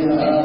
عليها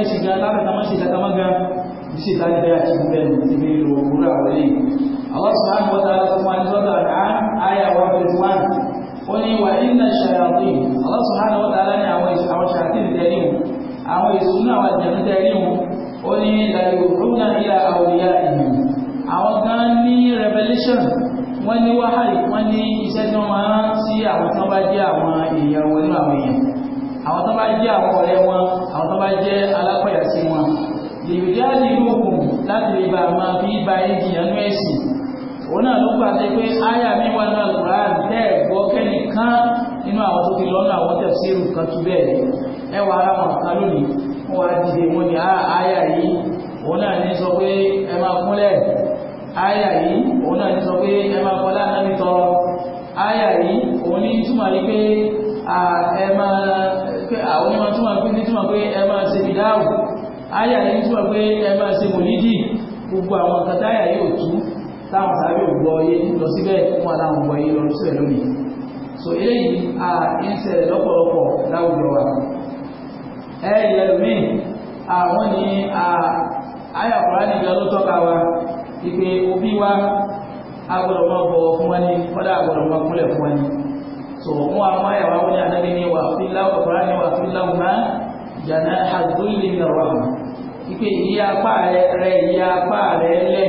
fẹ́ ṣe gan lára tàmá ṣe tàmá gan ṣe tàbí bẹ́ẹ̀ àti Allah subhanahu wa ta'ala fún wa ní sọ́dọ̀ àrán àyà wa Allah subhanahu wa ta'ala ní àwọn ṣàtì tẹ̀lé wọn àwọn èso ní àwọn àjẹmí tẹ̀lé wọn ó ní làyò rúnà ilà àwòyá revelation wọ́n ní wáhàlì wọ́n ní iṣẹ́ tí wọ́n máa ń sí àwọn tí bá jẹ́ àwọn èèyàn wọn nínú àwọn èèyàn àwọn tó bá jẹ́ àwọn ọ̀rẹ́ wọn àwọn tó bá jẹ́ alápẹ̀yà sí wọn lèbìdá nínú òkun láti lè bá máa bí ba ènìyàn ní ẹ̀sìn òun náà ló pàṣẹ pé áyà mímọ́ náà lùrá bẹ́ẹ̀ gbọ́ kẹ́nìkan nínú àwọn tó ti lọ́nà àwọn tẹ̀síìrù kan tún bẹ́ẹ̀ ẹwà ara wọn kan lónìí wọn wá dìde wọn ni áyà ah, yìí òun náà ní sọ pé ẹ máa kúnlẹ̀ áyà yìí òun náà ní sọ pé ẹ máa kọlá náà ní tọrọ áyà yìí òun ní túmọ̀ yìí pé ah, ẹ máa pé àwọn ọmọ tó wà pé ní túnmọ̀ pé ẹ máa ṣe ìdáhù ayà ní túnmọ̀ pé ẹ máa ṣe mòlídì gbogbo àwọn nǹkan táyà yóò tú táwọn sáré ògbọ́ yé lọ síbẹ̀ fún aláwọn ọgbọ́ yé lọ síbẹ̀ lónìí so eléyìí a ń ṣẹlẹ̀ lọ́pọ̀lọpọ̀ láwùjọ wa ẹ ìyẹlòmíì àwọn ni ayà kọ̀ọ̀rá nìkan ló tọ́ka wa ìpè òbí wa agbọ̀dọ̀ máa bọ̀wọ̀ fún wa ní kọ́dà agbọ̀dọ̀ máa so mu a ma yawa wani anabi ne wa fila wa fara ne wa fila ma jana hazulli min rahma ipe yí apá rẹ yí apá rẹ lẹ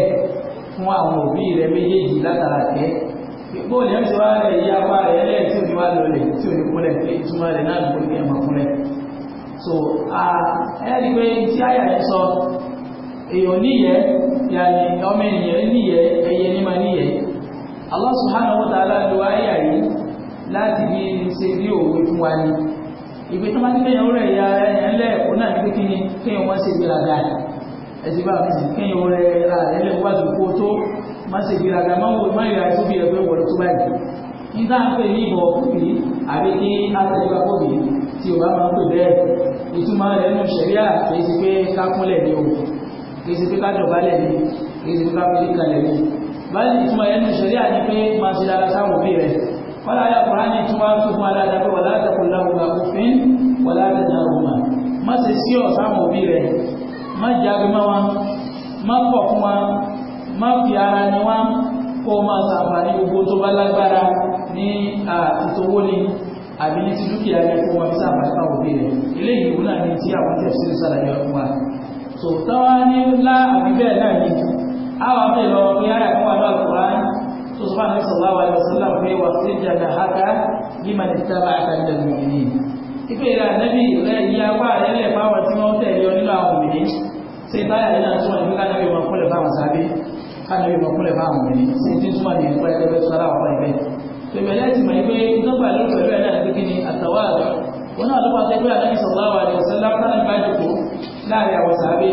fún àwọn òbí rẹ méjèèjì látara tẹ ipò ní ẹsẹ wa rẹ yí apá rẹ lẹ tí ò ní wá lọlẹ tí ò ní kúlẹ pé ìtumọ̀ rẹ náà ló ní ẹmọ fúnlẹ so a ẹni pé tí àyà yẹn sọ èèyàn níyẹ yàní ọmọ ènìyàn níyẹ ẹyẹ ní ma níyẹ Allah subhanahu wa ta'ala ló wáyà yìí láti fi ṣe bí òwe fún wa ni ìgbé tó máa ń kéèyàn rẹ̀ ya ẹ̀yàn lẹ̀ òun náà ní pé kí ni kéèyàn wọ́n ṣe gbéraga ni ẹ̀sìn bá mi sì kéèyàn rẹ̀ ra ẹ̀lẹ́ wá tó kó tó má ṣe gbéraga má wò má yẹra tó bí ẹgbẹ́ wọ̀lọ́ tó báyìí ní tá à ń pè ní ìbọ̀ kóbì àbí ní àtẹ̀gbà kóbì tí ò bá máa ń pè bẹ́ẹ̀ ìtumọ̀ rẹ̀ nù ṣẹ̀ríà kì í ṣe pé ká kúnlẹ̀ wọ́n láyà kùránì tí wọ́n tún fún aláàdá pé wọ́n láti kò láwùn àkófin wọ́n láti dá òun má ṣe sí ọ̀sáwọn òbí rẹ̀ má jáde mọ́ wọn má pọ̀ fún wọn má fi ara ni wọn kó máa ṣàǹfààní gbogbo tó bá lágbára ní àtìtòwó ni àbí ní ti dúkìá rẹ̀ kó wọn fi ṣàǹfààní fáwọn òbí rẹ̀ eléyìí òun náà a tí àwọn tẹ̀sí ṣàlàyé ọ̀fun wa. tòótọ́ wá ní ńlá àbí bẹ́ẹ̀ ni àwọn abẹ́ fún àwọn ìṣọ̀lá wa ní ọ̀sán náà pé wà sí ìjà àdáhàká ní màdìsá bá àtàlẹ̀ lòmìnì ipe ìlà nẹ́bí rẹ̀ yí apá rẹ̀ lẹ̀ fáwọn tí wọ́n tẹ̀lé ọ nínú àwọn òmìnì ṣe táyà yìí náà túmọ̀ nípa kánáwé wọn kúlẹ̀ fáwọn sábẹ́ kánáwé wọn kúlẹ̀ fáwọn òmìnì ṣe tí túmọ̀ ní ìpẹ́ ẹgbẹ́ sọ́ra wọn ibẹ̀ tẹ̀mẹ̀lẹ́ ti mọ̀ pé dọ́gba ló pẹ̀lú ẹ̀ náà pé kí ni àtàwà rẹ̀ wọn náà ló máa tẹ́ pé ànábì sọ̀rọ̀ àwọn àdìsọ́ lápá láàrin àwọn sábẹ́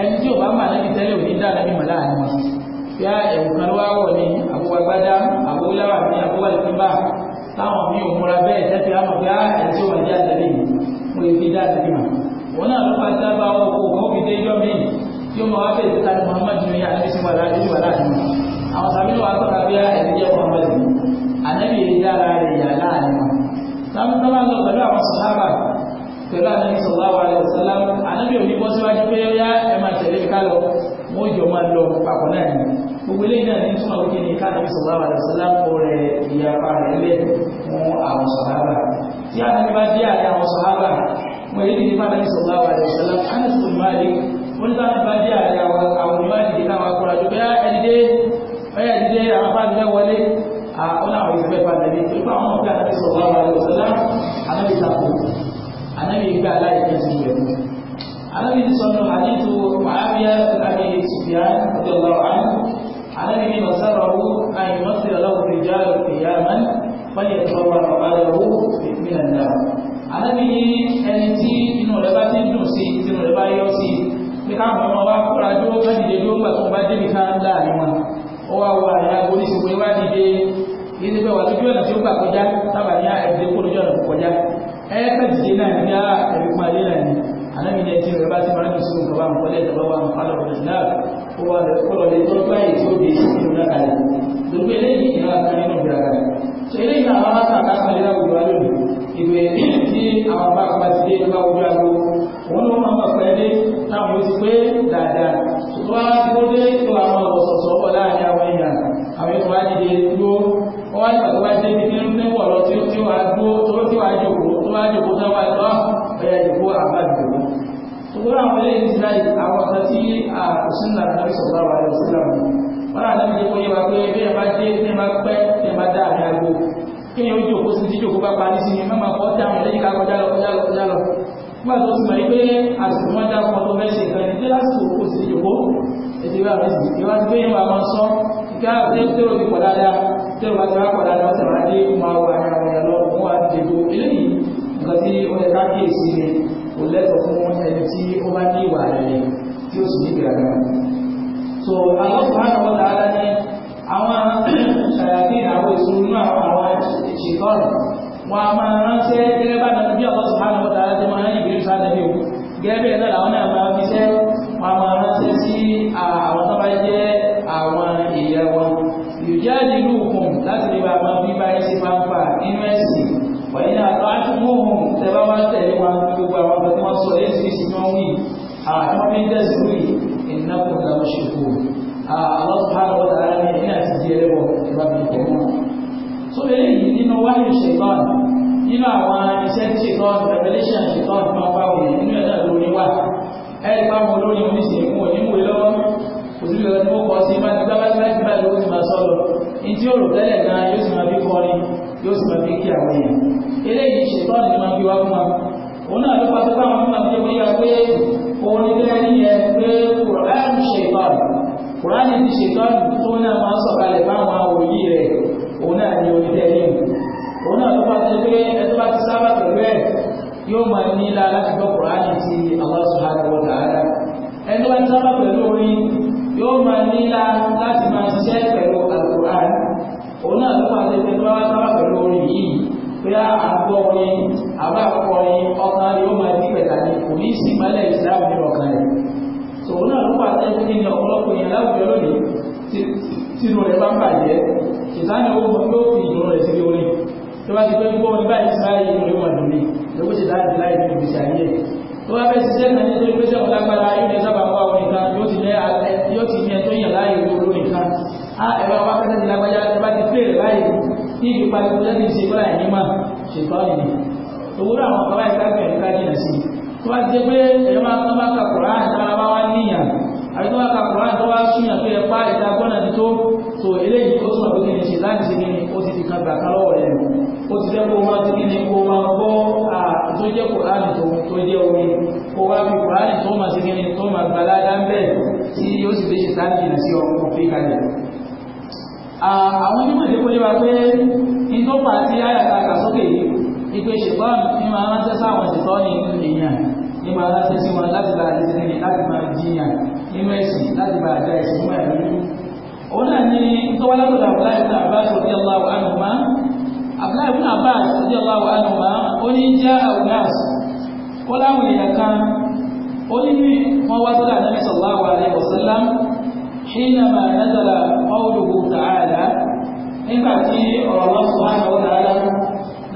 ẹni tí ò bá mà náà ti tẹ́lẹ̀ òní dá ànábì mọ̀ láàrin wọn yá ẹ̀wù kan ló wá wọ̀ ní àbúwagbádá àbúláwà ní àbúwàlùkúmbà táwọn mi ò múra bẹ́ẹ̀ tẹ́tí àmọ̀ pé á ah, ẹ̀ tí ó wà jẹ́ àtẹ̀lé mo lè fi dá àtẹ̀lé mà wọn náà ló pàṣẹ bá wọn kó kó fi dé ijọ́ mi tí ó mọ wá bẹ̀rẹ̀ síta ní Muhammadu ní àdébí sí wàlá àdébí wàlá àdébí àwọn sàmì ló wà sọ̀rọ̀ bí ẹ̀ ti jẹ́ Muhammadu ànábì yìí dára rẹ̀ yà láàrin wọn sàmì sábà lọ pẹ̀lú àwọn sàhábà pẹ̀lú ànábì sallallahu alaihi wasallam ànábì òní bọ́ síwájú pé ó yá wọ́n jọ máa lọ papọ̀ náà ni gbogbo eléyìí náà ní túmọ̀ wípé ní káàdì bí sọ̀rọ̀ àwọn àdàsọ́lá kọ rẹ̀ ìyapa rẹ̀ lẹ̀ fún àwọn sàhábà tí àwọn ẹni bá dé àyè àwọn sàhábà wọ́n èyí ní fàdà bí sọ̀rọ̀ àwọn àdàsọ́lá Anas bin Malik wọ́n ní bá dé àyè àwọn ìwádìí táwọn akọ́rajọ bẹ́ẹ̀ ẹni dé bẹ́ẹ̀ ẹni dé àwọn bá dé wọlé àwọn àwọn ìfẹ́ padà ní pípa àwọn ọ̀gá àti sọ̀rọ̀ àwọn àlùsọ̀lá ànábì tako ànábì gbà láì kẹsì rẹ̀. ànábì ti sọ̀rọ̀ àdìtò wàhálà àbí سفيان رضي الله عنه عن أبي مسره أن يمثل له الرجال قياما فليتبرأ بعده من النار عن أبي ẹnití inú rẹ̀ bá ti dùn sí inú rẹ̀ bá yọ sí pé káwọn ọmọ wa kóra dúró bá dìde dúró gbà tó bá débi ká ń láàrin wọn ó wá wọ àyà oníṣègùn wá dìde ilé bẹ́ẹ̀ wà lójú ọ̀nà tí ó gbà kọjá sábà ní ẹ̀ẹ́dẹ́ kó lójú ọ̀nà kọjá ẹ̀ẹ́kẹ́ dìde náà ní ẹ̀ẹ́dẹ́ pàdé náà ní àná mi ní ẹtí rẹ̀ bá ti máa ń dùn sí nǹkan bá ń kọ́lé ìjọba wa ń pa lọ́wọ́ ìjìnlá ဟိုကလည်းကိုယ်တော်လေးတော့ပြည့်စုံပြီးရှိနေတာကလည်းဒီလိုလေးကြီးကတိုင်းတော့ကြာတယ်ခြေလေးကအားသာတာဆရာကပြောလို့ဒီလိုဒီအမပါကတိကဘာလို့လို့ဘုံလုံးမှာပဲတဲ့တာမွေးပဲဒါဒါသွားကိုယ်တွေသွားမှာလို့ဆိုဆိုလာရဝိညာဉ်အမေသွားကြည့်တယ်သူဟောတယ်ကွာတဲ့ဒီလိုနဲ့ဘောလို့သူသူအတူသူသူအတူကိုသွားကြည့်ကိုသွားတော့ဘယ်ဒီကိုအမှတ်ဘူး sọ́rọ̀ àwọn ilé ìsìláì àwọn ọ̀sán a kò sí nílànà lórí sọ̀rọ̀ àwọn ilé ìsìláì wọn náà lẹ́nu jẹ́ kó yé wa pé bí ẹ bá dé bí ẹ bá pẹ́ bí ẹ bá dá àmì àgbo kí ni ó jòkó sí jíjòkó bá parí sí ni má máa kọ́ dá àwọn ilé ìka kọjá lọ kọjá lọ kọjá lọ nígbà tó ti mọ̀ yí pé àsìkò wọn dá ọmọ tó fẹ́ ṣe ìkan ní dé lásìkò kó sí jíjòkó ètò ìwà rẹ̀ sì ìwà gbé ìwà máa sọ ìka àti tẹ́rọ ti pọ̀ dáadáa tẹ́rọ bá ti wá pọ̀ dáadáa ọ̀sẹ̀ máa dé máa wà ní àwọn ìyàlọ́ wọn wá dìbò eléyìí nǹkan tí o yẹ ká kíyèsí ni lẹ́tọ̀ọ́ fún ẹni tí ó bá ní ìwà rẹ̀ tí ó sì ní ìgbéraga so àwọn sùhánà wọn dáadáa ní àwọn ṣàyàfín àwọn ìṣúnú àwọn ìṣètọ́nù wọn a máa ránṣẹ́ gẹ́gẹ́ bá nàbí àwọn sùhánà wọn dáadáa tí wọ́n rán ìbílẹ̀ sáà nàbí o gẹ́gẹ́ bẹ́ẹ̀ náà làwọn náà máa fi evidence lórí ìnáwó làwọn ṣe kú àwọn sùpàrọ̀ wọ́n dára ní ẹ̀yìn àti di ẹlẹ́wọ̀ ìwà bí kò mọ́. tó bẹ́ẹ̀ yìí nínú wáyé ṣètọ́n nínú àwọn iṣẹ́ ṣètọ́n revelation ṣètọ́n tó máa bá wọ̀ yìí nínú ẹ̀dá lórí wà ẹ̀rí bá wọn lórí wọn níṣẹ́ ìmú onímúwe lọ́wọ́ òtún lọ́wọ́ ni wọ́n kọ́ sí bá nígbà bá ti bá lórí máa sọ̀rọ̀ ní tí òrò tẹ́lẹ̀ gan yóò sì máa fi kọrin yóò sì máa fi kí àwọn èèyàn eléyìí ṣètọ́n ni máa fi wá fún wa òun náà ló pàṣẹ fáwọn fún wa pé òun ní bẹ́ẹ̀ ní ẹ pé kùránì ṣètọ́nù kùránì ti ṣètọ́nù tó náà máa ń sọ̀kalẹ̀ báwọn àwòyí rẹ̀ òun náà ní onídẹ́ẹ̀lì òun náà tó bá ti pé ẹtọ́ bá ti sábà pẹ̀lú ẹ̀ yóò máa ní ilá láti gbọ́ kùránì ti Allah subhanahu wa ta'ala ní ilá láti máa bóyá àgbọ̀ ọ̀rin àbá ọ̀rin ọkàn rẹ̀ ó máa di ìgbẹ̀ta ni kò ní sí ìmọ̀lẹ̀ ìsìláàmù nínú ọkàn rẹ̀ tòun náà ló pàṣẹ fún mi ní ọ̀pọ̀lọpọ̀ yẹn láwùjọ lónìí tínú rẹ̀ bá ń bàjẹ́ ìtàní owó mọ̀ yóò fi ìdúró rẹ̀ sílé orí tó bá ti pẹ́ gbọ́ ní báyìí sáyé inú rẹ̀ wọ̀n lórí lówó ti láti láì fi ìgbésí ayé ẹ̀ tó bá fẹ́ ṣiṣẹ́ náà nítorí pé sẹ́wọ̀n lágbára yóò ní sábà wá orin kan yóò ti ní ẹ tó yàn láàyè owó lórí kan á ẹ̀rọ wá fẹ́ láti ní ìdípa ikú lẹ́nu ìṣe bá ẹ̀ nímọ̀ ṣètò ìní òwúrọ̀ àwọn ọ̀gá ẹ̀ka ẹ̀ka ẹ̀ka jìnà sí tó bá jẹ́ pé ẹ̀rọ máa tán bá ka Kùránì tára bá wá níyàn àbí tó bá ka Kùránì tó bá súnyàn pé ẹ̀pá ìta gbọ́nà ti tó tó eléyìí ó túnbọ̀ pé kí ni ṣe láti ṣe kíni ó ti fi kan gbà kan lọ́wọ́ rẹ̀ ó ti jẹ́ kó máa ti kíni kó máa gbọ́ tó jẹ́ Kùránì tó tó jẹ́ omi kó wá fi Kùránì tó máa ṣe kíni tó máa gbalá dá ń bẹ́ẹ̀ tí ó sì fi ṣe láti jìnà sí ọkùnrin kalẹ̀ àwọn onímọ̀ èdè kó léwa pé ní tó fà á sí àyàtà àkàsókè yìí ni pé ṣègbọ́n ní máa ránṣẹ́ sáwọn ṣètọ́ ní èèyàn ní máa ránṣẹ́ sí wọn láti bá àti sẹ́ni láti máa jiyàn nínú ẹ̀sìn láti bá àjà ẹ̀sìn mọ́ ẹ̀rọ nínú. òun náà ni tọ́wọ́lá tó dà Abdullahi ibn Abbas radiyallahu anhuma Abdullahi ibn Abbas radiyallahu anhuma ó ní já àwùnás ó láwọn èèyàn kan ó ní wọ́n wá tó dà Nabi sallallahu alaihi wasallam hinama nazala قوله تعالى إن باتي الله سبحانه وتعالى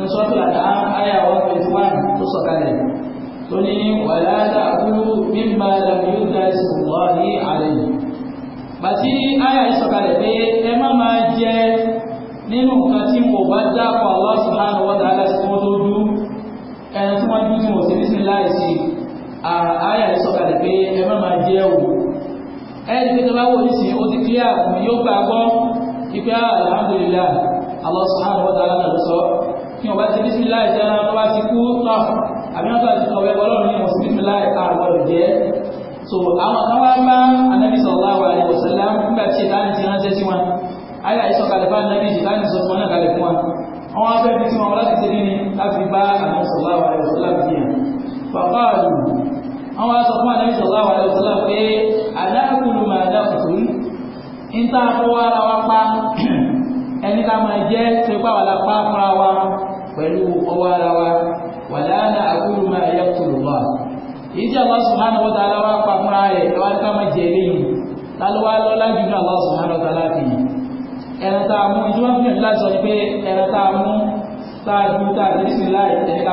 نسوة الأنعام آية 121 تصدق تني ولا تأكلوا مما لم يذكر اسم الله عليه bàtí àyà ìsọ̀kalẹ̀ pé ẹ má máa jẹ nínú nǹkan tí mo bá dápọ̀ Allah subhanahu wa ta'ala sí wọ́n tó dú ẹni tí wọ́n dú tí mo sì ní sí láìsí àyà ìsọ̀kalẹ̀ pé ẹ má máa jẹ òun ẹni pé tó bá wò ní sí ó ti kílíà yóò gbà gbọ́ ipe ah, alhamdulillah Allah subhanahu wa ta'ala náà sọ kí wọn bá ti bísímìlá ìjẹun tó bá ti kú tọ àbí wọn tó ti tọwọ ẹgbẹ Ọlọ́run ní wọn bísímìlá àgbọ rẹ jẹ so àwọn kan wá bá anabi sallallahu alaihi wasallam nígbà tí ìdáni ti ránṣẹ́ sí wọn ayé àìsàn kalẹ̀ fún anabi ìdáni sọ fún ọ kalẹ̀ fún wọn wọ́n wá sọ fún ànábì sallallahu alaihi wasallam pé aláàkùnrin máa dákùtù ń tá a fọwọ́ ara wa pa ẹni ká máa jẹ́ ṣe pa wà lápá fúnra wa pẹ̀lú ọwọ́ ara wa wà láàánà àkùnrin máa yẹ kùtù wà. ìdí Allah subhanahu wa ta'ala wa pa fúnra rẹ̀ ẹ̀ wá ká máa jẹ eléyìí tálọ́wá lọ́lá jù ní Allah subhanahu wa ta'ala fi ẹ̀rẹ̀ tá a mú ìjọba fi hàn láti sọ pé ẹ̀rẹ̀ tá a mú tá a ju tá sí láì ẹ̀ka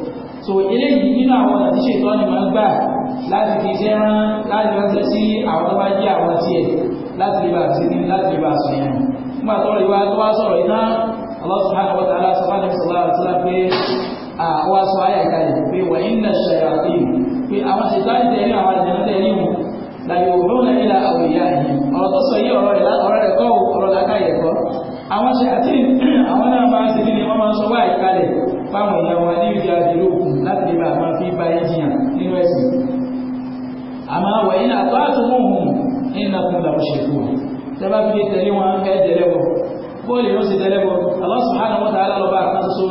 so eléyìí nínú àwọn ọ̀nà tí ṣètò ọ̀nà máa ń gbà láti fi iṣẹ́ rán láti ránṣẹ́ sí àwọn tó bá jẹ́ àwọn tiẹ̀ láti lè bá ti ní láti lè bá sùn yẹn nígbà tó rí wa tó wá sọ̀rọ̀ iná Allah subhanahu wa ta'ala sọ fáwọn ẹ̀sọ́ lára tó lápé àwọn aṣọ ayé àkàlẹ̀ pé wà ní nà ṣẹ̀yà pé pé àwọn ṣètò àti tẹ̀lé àwọn àjẹmọ́ tẹ̀lé mu làyè òbí òun nílà àwòyá yìí ọ̀rọ̀ tó sọ yí ọ̀rọ̀ rẹ̀ ọ̀rọ̀ rẹ̀ kọ́ ọ̀rọ̀ làkàyẹ̀ kọ́ àwọn ṣe àti àwọn náà máa ń ṣe kí ni wọ́n máa ń sọ wáyé kalẹ̀ fáwọn èèyàn wọn ní ìjà ìlú òkun láti lè bá a máa fi bá yín jiyàn nínú ẹ̀sìn àmọ́ wẹ̀ iná tó àtúmọ̀ òun ní ìnákun làwọn ṣètò tẹ́bá fi lè tẹ̀lé wọn ẹ̀ jẹ́lẹ́bọ̀ bóòlù yóò sì jẹ́lẹ́bọ̀ Allah subhanahu wa ta'ala lọ́ba àkàtúnṣe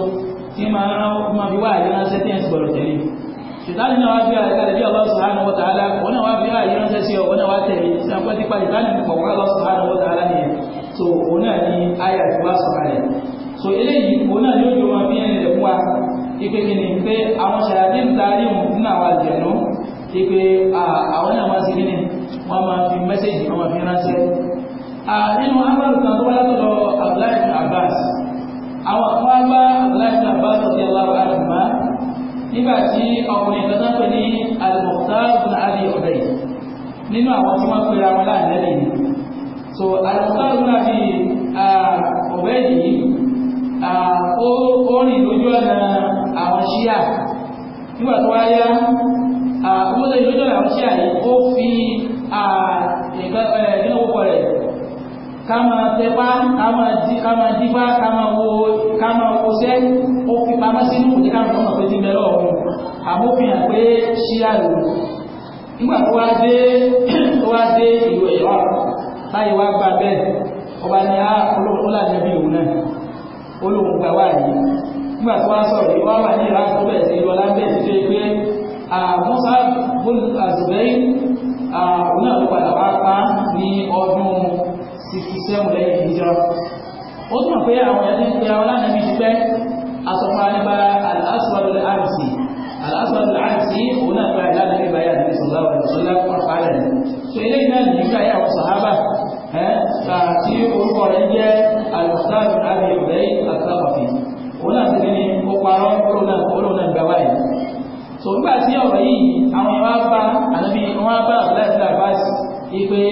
tí máa fi wá àyíká sẹ́tíẹ̀nsì gbọ́dọ̀ tẹ̀lé ṣìtánì náà wá bí àyíkàlẹ̀ bí Allah subhanahu wa ta'ala wọn náà wá bí àyíká ránṣẹ́ sí ọ wọn náà wá tẹ̀lé sí àwọn pẹ́típa ìtánì pọ̀ wọ́n Allah subhanahu wa ta'ala nìyẹn so òun náà ni àyà tí wá sọ̀kalẹ̀ so eléyìí òun náà ni ó wa ipe kìíní pé àwọn ṣàyàdé ń taari mu nínú àwọn àjẹ̀nú ipe àwọn náà máa ṣe kìíní wọ́n máa fi mẹ́sẹ̀jì wọ́n máa fi ránṣẹ́. nínú agbára kan tó wáyé lọ Abdullahi bin Abbas àwọn àwọn agbá Abdullahi bin Abbas ọ̀sẹ̀ aláwọ̀ àdùnmá nígbà tí ọkùnrin kan náà pè ní Al-Mukhtar bin Ali ọ̀dẹ̀ nínú àwọn tí wọ́n pera wọn láàrin lẹ́yìn so Al-Mukhtar bin Ali ọ̀bẹ́ yìí ó rìn lójú ọ̀nà àwọn ṣíà nígbà tó wá yá ó lè lójú ọ̀nà àwọn ṣíà yìí ó fi ẹ̀ẹ́dẹ́gbẹ́ ọkọ̀ rẹ̀ ká máa tẹpá ká máa dípá ká máa wo sẹ́ ó fi pamọ́ sínú kò ní ká máa mọ̀ pé ti bẹ̀rẹ̀ ọ̀hún àmófihàn pé ṣíà lò nígbà tó wá dé tó wá dé ìlú ẹ̀rọ báyìí wá gbà bẹ́ẹ̀ ọba ní olóhùn gba wá yìí nígbà tí wọ́n sọ̀rọ̀ yìí wọ́n wà ní ìlànà tó bẹ̀rẹ̀ sí yọ lábẹ́ ìṣe pé Musa Zubair òun náà ló padà wá pa ní ọdún sixty seven lẹ́yìn ìjọ ó tún mọ̀ pé àwọn ẹni pé àwọn lánàá ti pẹ́ asọ̀fà nípa al-aswadu al-arsi al-aswadu al-arsi òun náà gba ìlànà ìbáyà ní sallallahu alaihi wasallam pàpàlẹ̀ tó eléyìí náà nìyí tí orúkọ rẹ̀ jẹ́ alùsáàbì àbí ọ̀rẹ́ àtàkọ̀fì òun náà ti ní ó parọ́ olóòrùn náà gbà wáyé so nígbà tí ọ̀rọ̀ yìí àwọn ẹ̀wá bá ànábì wọn bá abdullahi abbas ipe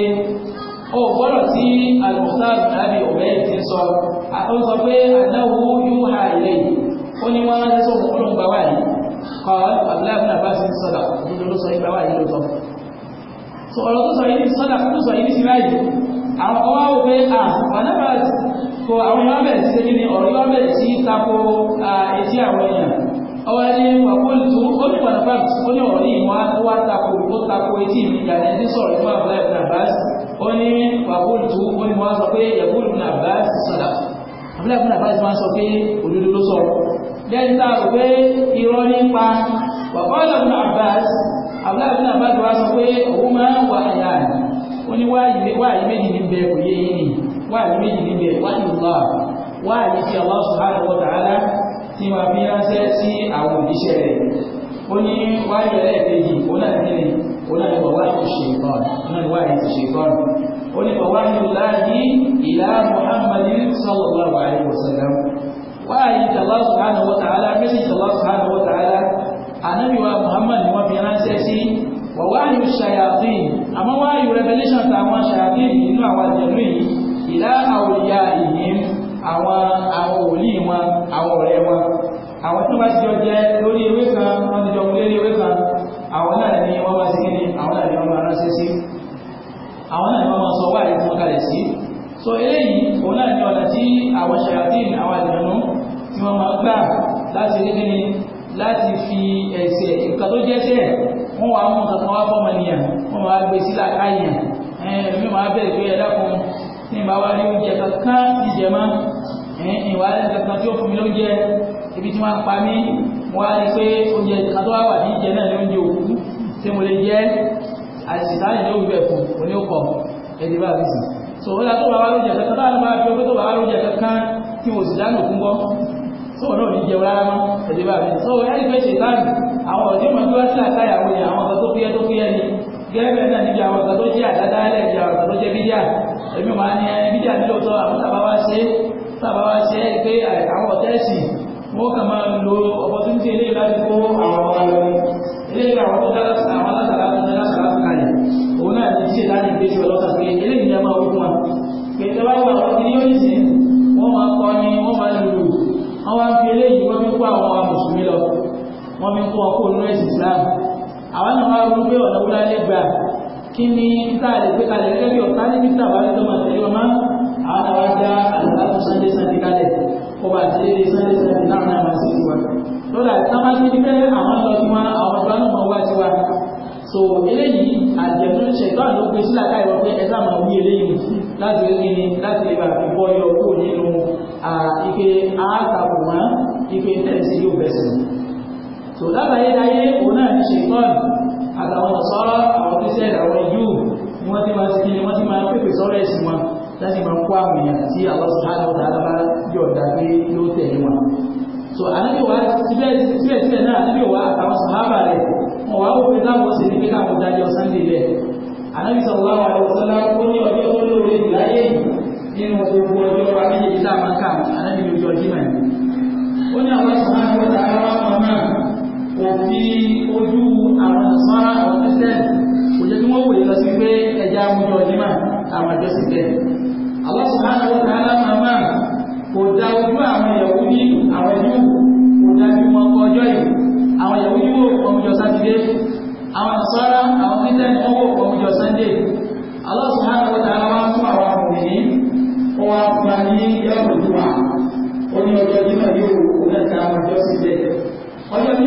ó gbọ́dọ̀ tí alùsáàbì àbí ọ̀rẹ́ ti sọ ó sọ pé àdáwó yóò ha ilé yìí ó ní wọn rántí sọ òun olóòrùn gbà wáyé kọ abdullahi abbas ń sọdà òun ló sọ ìgbà wáyé ló sọ so ọ̀rọ̀ tó sọ yìí sọdà tó sọ yìí sí báyìí àwọn kan wá wò pé à ọ̀nàbà kò àwọn yóò bẹ̀rẹ̀ sí kí ni ọ̀rọ̀ yóò bẹ̀rẹ̀ sí tako etí àwọn èèyàn ọwọ́ ẹni wàkúlù tó ó ní wọ̀nà fáàbù ó ní ọ̀rọ̀ yìí wọ́n wá tako ó tako etí mi ìyá ẹni sọ̀rọ̀ ìmọ̀ àbúlá ìbùnà báàsì ó ní wàkúlù tó ó ní wọ́n sọ pé yàgùlù ìbùnà báàsì sọ̀dà àbúlá ìbùnà báàsì máa sọ pé òdodo ló sọ̀rọ̀ lẹ́yìn tá a rò pé irọ́ nípa wàkúlù ìbùnà báàsì àbúlá ìbùnà báàsì wá sọ pé òwò wáyé méjì níbẹ̀ kò yé yín ni wáyé méjì níbẹ̀ wáyé wà wáyé tí Allah subhanahu wa ta'ala tí wọ́n fi ránṣẹ́ sí àwọn òṣìṣẹ́ rẹ̀ ó ní wáyé ẹlẹ́ẹ̀kejì òun náà ní òun náà ní bàbá yìí ṣe ìtọ́n òun náà ní wáyé ti ṣe ìtọ́n ó ní bàbá yìí láàyè ìlà Muhammadin sallallahu Allah subhanahu wa ta'ala méjì tí Allah subhanahu wa ta'ala ànábì wa Muhammad ni wọ́n àmọ́ wá yóò revelation tàwọn ṣàdé nínú àwọn àjẹmú yìí ìlà àwòyá ìhìn àwọn àwọn òlì wọn àwọn ọ̀rẹ́ wọn àwọn tí wọ́n ti jọ jẹ lórí ewé kan wọ́n ti jọ múlé ní ewé kan àwọn náà ni wọ́n máa ṣe kíni àwọn náà ni wọ́n máa ránṣẹ́ sí àwọn náà ni wọ́n máa sọ wáyé tí wọ́n kalẹ̀ sí so eléyìí òun náà ni ọ̀nà tí àwọn ṣàyàtìn àwọn àjẹmú tí wọ́n máa gbà láti rí kíni láti fi ẹ̀sẹ̀ nǹkan wọ́n wá mú nǹkan kan wá fọ́mọ nìyẹn wọ́n máa gbé sílà káyàn ẹ̀ẹ́dùn mi máa bẹ̀rẹ̀ pé ẹ̀dẹ́kun ní ìbá wa rí oúnjẹ kankan jíjẹ mọ́ ìwà kankan tí ó fún mi lóúnjẹ ibi tí wọ́n pa mí wọ́n á rí pé oúnjẹ kan tó wà wà ní ìjẹ náà ní oúnjẹ òkú tí mo lè jẹ́ àìsìtáyìn ló wù bẹ̀ fún òní ó kọ̀ ẹ̀dẹ́ bá bìsì so ó yàtọ̀ bàbá lóúnjẹ kankan tó àwọn máa fi ọgbẹ́ tó bàbá lóúnjẹ kankan tí mo sì dánù kún bọ́ sóò náà ní àwọn ọ̀dọ́ ìmọ̀ tó wá sí àtàyà àwọn èèyàn àwọn ọ̀dọ́ tó fúyẹ́ tó fúyẹ́ ni gẹ́gẹ́ bẹ́ẹ̀ náà níbi àwọn ọ̀dọ́ tó jẹ́ àdádálẹ̀ ìjà ọ̀dọ́ tó jẹ́ bídíà èmi máa ní ẹni bídíà ní lóòótọ́ àwọn tàbá wá ṣe tàbá wá ṣe é pé àwọn ọ̀tẹ́ẹ̀sì wọ́n kàn máa lo ọ̀pọ̀ tó ń ti eléyìí láti kó àwọn ọmọ wọn eléyìí àwọn tó dára sí àwọn alásàlá tó dára sí àwọn kalẹ̀ òun náà ti ṣe láti gbé a máa wọ́n wọn pé tó bá wà wọ́n ti ní yóò sìn máa kọ́ ni wọ́n máa lù fi eléyìí wọ́n fi kó àwọn mùsùlùmí lọ wọ́n fi tó ọkọ̀ nínú ẹ̀sìn Islam àwọn náà wá rú pé ọ̀nà wúlá lè gbà kí ni tá a lè gbé kalẹ̀ gẹ́gẹ́ bí ọ̀tá níbi tá a bá lè tọ́ màtẹ́ yọ máa àwọn náà wá dá àlùkò Sunday Sunday kalẹ̀ kó bá ti lè Sunday Sunday náà náà máa sì wá lọ́dà táwọn ti di pé àwọn lọ sí wa àwọn ọ̀dọ́ náà máa wá sí wa so eléyìí àjẹ̀dún ṣẹ̀dọ́ àlọ́ gbé sílá káyọ̀ pé ẹ sáà máa wí eléyìí láti rí ni láti lè bá fi bọ́ yọ kúrò nínú ike àátàkùn wọn ike tẹ̀sí yóò bẹ̀sẹ̀ so lábàáyé láyé òun náà ní ṣètọ́n àtàwọn ọ̀sọ́rọ̀ àwọn oníṣẹ́ àwọn ojú ni wọ́n ti máa ṣe kí ni wọ́n ti máa pèpè sọ́rọ̀ ẹ̀sìn wọn láti máa kó àwọn èèyàn tí Allah subhanahu wa ta'ala bá yọ̀ọ̀dà so ànábì wa síbẹ̀síbẹ̀ náà ànábì wa àtàwọn sàhábà rẹ̀ wọn wá òfin táwọn sì ní pé káwọn dájọ́ sunday bẹ́ẹ̀ ànábì sallallahu alaihi wasallam ó ní ọjọ́ tó lóore láyé nínú gbogbo ọjọ́ wa méjèèjì tá a máa ń kà ànábì kò fi ojú àwọn ìsọ́ra àwọn christian kò jẹ́ kí wọ́n wòye lọ sí pé ẹja amújọ onímọ̀ àwọn àjọsìn bẹ́ẹ̀ Allah subhanahu wa ta'ala màmá kò da ojú àwọn ìyàwó ní àwọn ẹni kò da bí wọn kọ ọjọ́ yìí àwọn ìyàwó ní wò ọmọjọ Allah subhanahu wa ta'ala wá fún àwọn ọmọbìnrin ó wá fún wa ní yọ̀ọ̀dùnmá ó ní ọjọ́ jimá yóò kó náà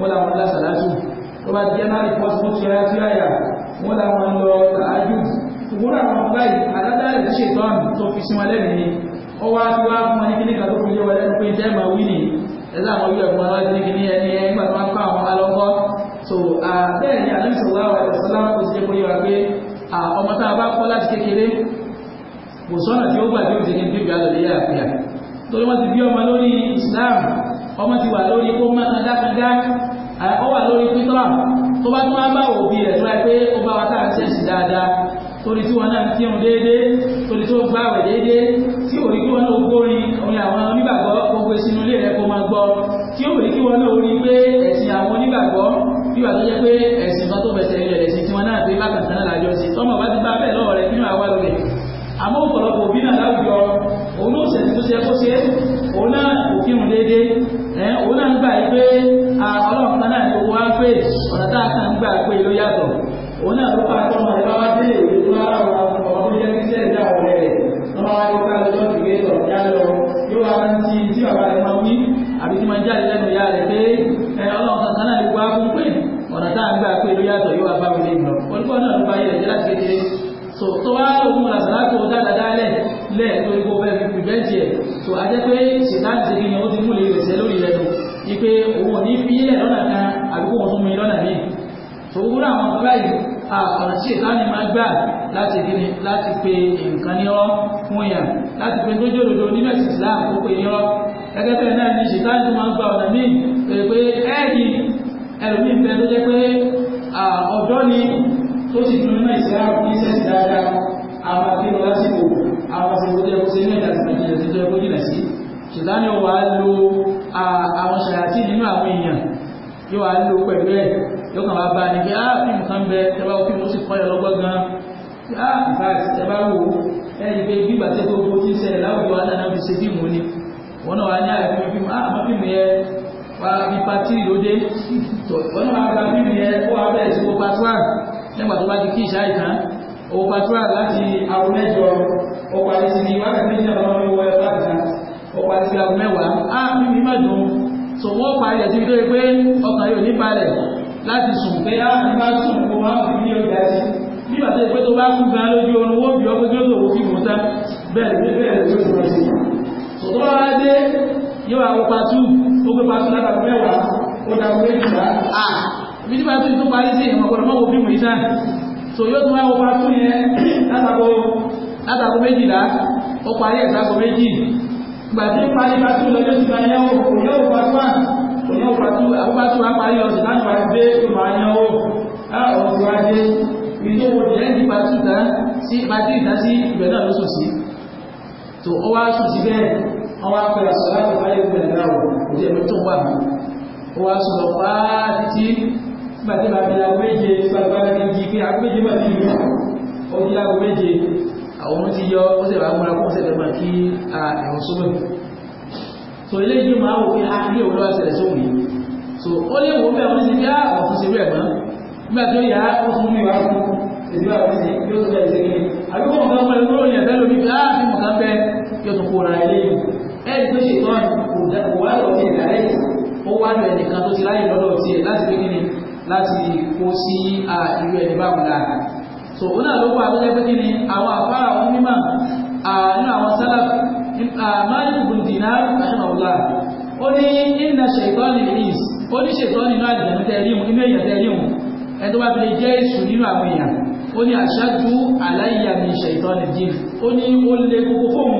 wọ́n làwọn lọ sàlátù tó bá jẹ́ náà ìpọ́sibú ti ara tí àyà wọ́n làwọn lọ tààjù ìwúrọ̀ àwọn báyìí àdádálẹ̀ tí ṣètò àmì tó fi sí wọn lẹ́nu ó wá tí wá fún wọn ní kíní kan tó fi yé wọn lẹ́nu pé jẹ́ máa wí ni ẹ̀dá àwọn yóò ẹ̀gbọ́n aláwọ̀ ní kíní ẹni ẹ̀ nígbà tó máa ń kọ́ àwọn alọ́kọ́ so bẹ́ẹ̀ ni àdúgbò sọ̀rọ̀ àwọn ẹ̀dá sọ́lá a bá kọ́ láti kékeré kò sọ́nà tí ti bí ọmọ lórí Islam ọmọ ti wà lórí kó má kandákandá ọ wà lórí pítọ́à tó bá tún á bá òbí rẹ̀ tó bá pé ó bá wa tá à ń ṣẹ̀ṣì dáadáa torí tí wọn náà ń kírun déédéé torí tí ó gbá àwẹ̀ déédéé tí òrí kí wọn náà gbórin orin àwọn onígbàgbọ́ gbogbo ìsinú ilé rẹ̀ kó máa gbọ́ tí òrí kí wọn náà rí pé ẹ̀sìn àwọn onígbàgbọ́ bí wà tó jẹ́ pé ẹ òun náà gbà pé ọlọ́run kan náà ló wá pé ọ̀nà tá a gbà pé ló yàtọ̀ òun náà ló pa àtọ́mọ̀ rẹ fi prevent ẹ̀ tó a jẹ́ pé ṣètàn ti kí ni ó ti mú lè rẹ̀ sẹ́ lórí rẹ̀ lò ní pé òun ò ní fi ilẹ̀ lọ́nà kan àbí kóun tún mi lọ́nà míì tó wúrọ̀ àwọn fúláì ọ̀nà tí ṣètàn ni máa gbà láti kí ni láti pe nǹkan ní ọ́ fún èèyàn láti pe tó jòdòdò nínú ẹ̀sìn Islam tó pe ní ọ́ gẹ́gẹ́ bẹ́ẹ̀ náà ni ṣètàn ti máa gba ọ̀nà míì pé ẹ́ẹ̀dì ẹlòmíì ń bẹ tó jẹ́ pé ọ̀dọ́ ni tó sì dùn nínú ìsìláàmù ní sẹ́sì dáadáa àwọn àti lọ lásìkò àwọn àṣẹwò tó yẹ kó ṣe ní ẹ̀dá àti ìjìnlẹ̀ tó yẹ kó jìnà sí ṣètánì wà á lo àwọn ṣàyàtì nínú àwọn èèyàn yóò wà á pẹ̀lú ẹ̀ yóò kàn wá bá ní pé á ah, fíìmù kan bẹ ẹ bá wo fíìmù ó sì kọ́ ẹ lọ́gbọ́n gan á ah, ìfà ẹ bá wò ẹni pé bígbà tí tó bó ti ń ṣẹlẹ̀ láwùjọ wa náà fi ṣe fíìmù ni wọn náà wà ní àìfíìmù ah, fíìmù á àmọ́ fíìmù yẹ wà ní pati lóde wọn náà wà gba fíìmù sí wo ó pàtúrà láti àwọn mẹ́jọ ó parí sí wákàtí méjì àwọn ọmọ ìwọ ẹ̀fà kan ó parí sí àwọn mẹ́wàá á mímí mẹ́dùn tó wọ́n parí ẹ̀ síbi tó yẹ pé ọkàn yóò ní balẹ̀ láti sùn pé á ní bá sùn kó máa fi ní ọjà sí bí bàtà ìpé tó bá kú gan lójú oorun wọ́n bí ọkọ̀ tí ó lòwó fi mú tán bẹ́ẹ̀ ni bẹ́ẹ̀ ni ó lọ sí tó tó wá dé yóò àwọn so yóò tún wáyé ọba tún yẹn látàkó látàkó méjìlá ó parí ẹ̀ sáko méjì ìgbà tí ń parí bá tún lọ́jọ́ ti máa yẹn ó kò yẹ ọba tún à kò yẹ ọba tún àbúgbà tún wá parí ọ̀sìn láti wá gbé ìmọ̀ àyàn ó ọ̀rọ̀ tó wá dé ìdí wo jẹ́ ní bàtí ìdá sí bàtí ìdá sí ìbẹ̀ náà ló sùn sí tó ọ wá sùn sí bẹ́ẹ̀ ọ wá pẹ̀lú àṣọ láti wáyé ìbẹ̀rẹ̀ náà wò ó jẹ́ mi tó wà mí ó wá sùn lọ pàá gbàtí bàbí aago méje gbàgbára ti jí pé aago méje máa ti lù ó di aago méje àwọn ohun ti yọ ó sì bá múra kó sẹ̀fẹ̀ máa kí ẹ̀wọ̀n sóbẹ̀ so eléyìí máa wò pé a ní òwúrọ̀ àṣẹlẹ̀ sóhùn yìí so ó lè wò bẹ́ẹ̀ wọ́n bí àwọn fún ṣe bẹ́ẹ̀ mọ́ nígbà tó yà á ó fún mi wá fún èdè wà fún mi yóò tó bẹ̀rẹ̀ sẹ́yìn àbí kò nǹkan mọ́lẹ̀ kúrò yẹn bẹ́ẹ̀ lómi fi mọ̀kan bẹ́ yóò tún ó wá lọ láti kó sí irú ẹni báwọn lára so òun náà ló kó àtọ́jẹ́ pé kí ni àwọn àfárá àwọn mímọ̀ nínú àwọn sálà máàlì bùn dinar àṣàmàwùlá ó ní ìnà ṣètọ́nì ìrìs ó ní ṣètọ́nì náà àjẹ̀mú tẹ́ríhùn inú èèyàn tẹ́ríhùn ẹni tó bá fi lè jẹ́ èṣù nínú àwọn èèyàn ó ní àṣájú aláìyá ní ṣètọ́nì dín ó ní ó lè kókó fóun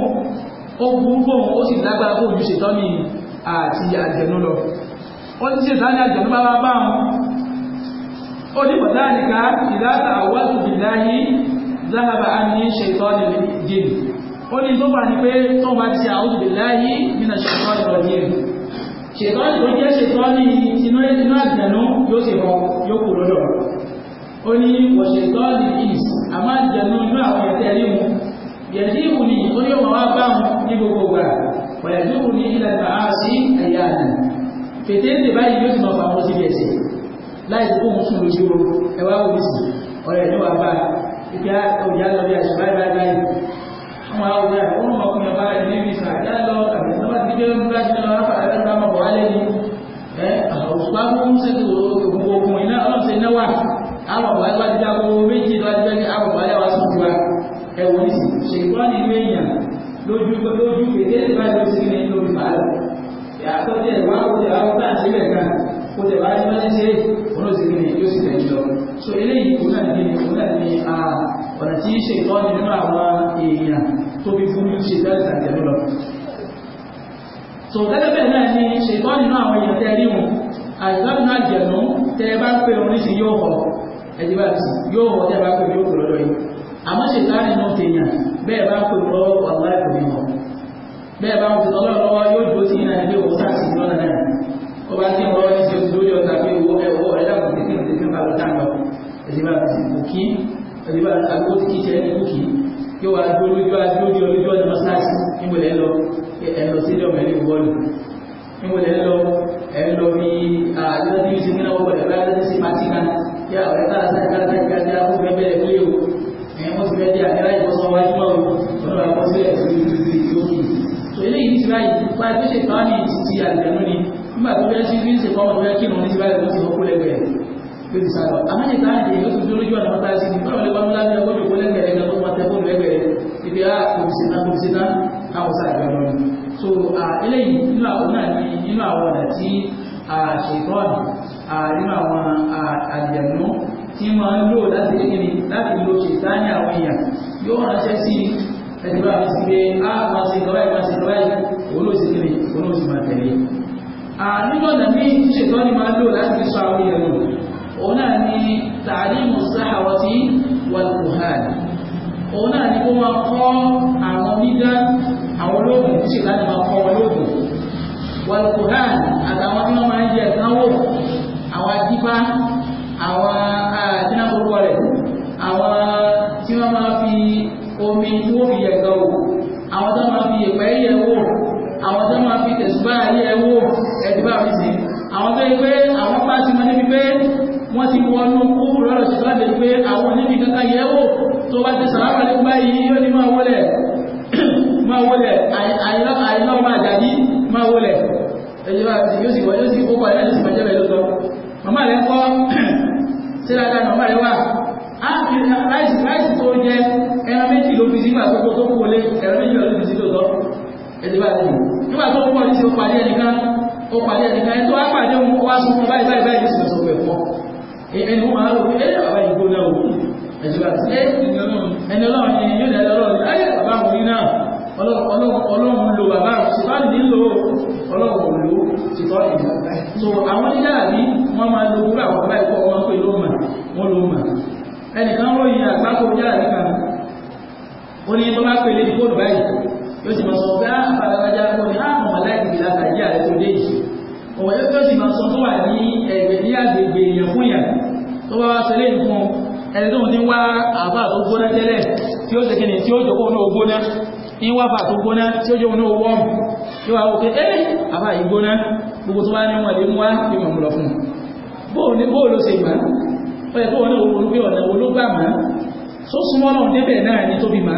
ó burú fóun ó sì lágbára fóun ju ṣètọ́nì àti àjẹ̀mú lọ ó ní ṣètọ́nì àjẹ̀mú bá bá ó ní wàdáàlìkà ìdáta àwọ́sù bìláyí záhàbà á ní ṣètọ́ nìjìn ó ní tó bá ní pé tó bá ti àwọ́sù bìláyí nínú ṣètọ́ ìrọ̀lẹ́ ṣètọ́ tó jẹ́ ṣètọ́ ní inú àjẹ̀nú yóò sì rọ yóò kù lọ́dọ̀ ó ní wọ̀ṣètọ́ ní ìs àmọ́ àjẹ̀nú inú àwọn ẹ̀tẹ́ mu yẹ̀dí ìwù ni ó ni ilẹ̀ bàá sí ẹ̀yà àdì fètè ń dè báyìí yóò sì máa fà láì kó ń sùn lójú o ẹwà òbísì ọ̀rẹ́ ní wà bá ìgbà òjá lọ bí àṣù báyìí báyìí báyìí àwọn àwòrán ẹ̀ wọ́n mọ̀ ọkùnrin ọba ẹ̀ ní ìsà ìdá lọ àbí ìjọba ti gbé ńlá sí lọ láfa ẹ̀rọ ìgbà mọ̀ wálé ni ẹ̀ àwòsùpá fún sẹ́kì òkùnkùn ọkùnrin náà ọlọ́run ṣe náà wà àwọn ọ̀bà ẹgbà ti dáko méjì lọ́jọ́ ní àwọn ọ̀bà ẹwà sùn ju wa ẹ̀wọ̀n ní ṣèkọ́ ní ilé èèyàn lójú lójú kéde ìbáyọ̀ sí ní lórí bàálù yàtọ̀ olóòsìnkí ni yóò sì tẹ̀yìn lọ so eléyìí òun náà ní òun náà ní ọ̀nà tí ṣe ìtọ́ni nínú àwọn èèyàn tó fi fún ṣe ìtọ́ni ìtàgẹ̀lú lọ so gẹ́gẹ́ bẹ́ẹ̀ náà ní ṣe ìtọ́ni nínú àwọn èèyàn tẹ́ rí wọn àìsàn náà jẹ̀nu tẹ́ bá pé orin sí yóò họ ẹ̀dí bá ti yóò họ tẹ́ bá pé yóò kúrò lọ yìí àmọ́ ṣe ìtọ́ni nínú tèèyàn bẹ́ẹ̀ bá pè lọ́wọ́ ọ̀la ìkòmí họ bẹ́ẹ̀ bá wọn fi tọ́lọ́ kí ọ̀dẹ̀ fẹ́ bá lọ dáná ẹ̀dẹ̀ bá fi sìnkú kí ẹ̀dẹ̀ bá agbó ti kí jẹ́ ẹ̀dẹ̀ kí yóò wá dúró lójú adúró ní ọlójú ọ̀dẹ̀ mọ́sáàsì níbo lẹ́ lọ ẹ̀lọ sí ìjọba ẹ̀lẹ́ ìwọ́lù níbo lẹ́ lọ ẹ̀lọ bí àdúrà tí yusuf náà wọlé bá yàtọ̀ sí pàtíkà yà ọ̀rẹ́ kára sáà kára sáà kára sáà kó fẹ́ bẹ̀rẹ̀ kúlé o ẹ̀yìn wọ́n ti fẹ́ di àdúrà ìbọ̀sán o ọ̀dọ̀ àkọsílẹ̀ ìlú eléyìí ti báyìí pa ẹgbẹ́ ṣe kan ní ti àgbẹ̀nú ni nígbà tó bẹ́ẹ̀ sí ní ìṣèkọ́ ọmọ bẹ́ẹ̀ kírun lórí sáà àmẹ́yìn tá à ń jẹ yóò tún lójú ọ̀nà mọ́tà sí ni bọ́lá wọlé wọlé lábẹ́ ọgbọ́n ìkó lẹ́gbẹ̀rẹ́ ẹ̀ka tó máa tẹ́kọ̀ọ́ lẹ́gbẹ̀rẹ́ ibi ah, á kòmìsìnà kòmìsìnà àwọn sáà lọ so eléyìí nínú àwọn náà ni nínú àwọn ọ̀nà tí ṣètọ́ọ̀nù nínú àwọn àjẹ̀nú tí máa ń lò láti kékeré láti lo ṣètáni àwọn èèyàn yóò ránṣẹ́ sí ẹ̀dùnú àti sí pé á ah, máa ṣe lọ́wọ́ ẹ̀ máa ṣe lọ́wọ́ ẹ̀ olóòsì kékeré olóòsì máa tẹ̀lé. nínú ọ̀nà míì tí ṣètọ́ọ̀nù máa ń òun náà ni tààlímù sáhàwọ́tí wàlùkùhàn òun náà ni kó máa kọ́ àwọn onídá àwọn olóògùn tí ìlànà máa kọ́ olóògùn wàlùkùhàn àtàwọn tí wọ́n máa ń jẹ ìdánwò àwọn adífá àwọn àdínákòókò rẹ̀ àwọn tí wọ́n máa fi omi tó fi yẹ ìyẹ́wò tó bá ti sàrámà ní báyìí yóò ní máa wọlẹ̀ máa wọlẹ̀ àìná ọmọ àjàdí máa wọlẹ̀ ẹjọba yóò sì wọ́n yóò sì kópa ẹ̀yà sì bàjẹ́ bẹ̀rẹ̀ lọ́tọ́ màmá rẹ̀ kọ́ sí dáadáa màmá rẹ̀ wà láìsí láìsí tó jẹ ẹran méjì ló fi sígbà tó tó kú olé ẹran méjì ló fi sí tó tọ́ ẹjọba rẹ̀ nígbà tó pọ̀ ní ti ó parí ẹnìkan ó parí ẹnìkan ẹ tó wá pàdé òun ó wá sọ fún báyìí báyìí báyìí sì lọ sọ pé ẹ̀fọ́ ẹni wọn rò pé ẹ ẹ̀jọba tí ẹni ọlọ́run ni yóò lẹ́lẹ́ ọlọ́run ayé bàbá mo rí náà ọlọ́run lo bàbá ṣùgbọ́n nílò ọlọ́run ló ti tọ́ ìgbà so àwọn nígbà àbí wọ́n máa lo wúrà wọ́n bá ikọ̀ wọn pé ló mà wọ́n ló mà ẹnìkan ròyìn àgbákò yára nípa ó ní bọ́ bá pè lé fóònù báyìí yóò sì máa sọ pé á bàbájá kò ní àmọ̀ ah, láìpẹ́ ìlà tàyé àrẹ tó dé yìí ọ̀wọ́ yóò sì máa sọ tó wà ní ẹ̀gbẹ̀ ní àgbègbè èèyàn fún yà tó bá wá sọ lẹ́yìn fún ọ ẹni tó ń ti wá àbá tó gbóná tẹ́lẹ̀ tí ó sẹ́kìnì tí ó jòkó ní ogbóná ní wá bà tó gbóná tí ó jòkó ní owó ọmọ tí wá wókè ẹ́ àbá yìí gbóná gbogbo tó bá ní wọn lè mú wá ní mọ̀mú lọ fún un bóò ló ṣe gbà ó yẹ kó wọn ní owó olúgbé ọ̀nà ológbà mà só súnmọ́ náà débẹ̀ náà ní tóbi mà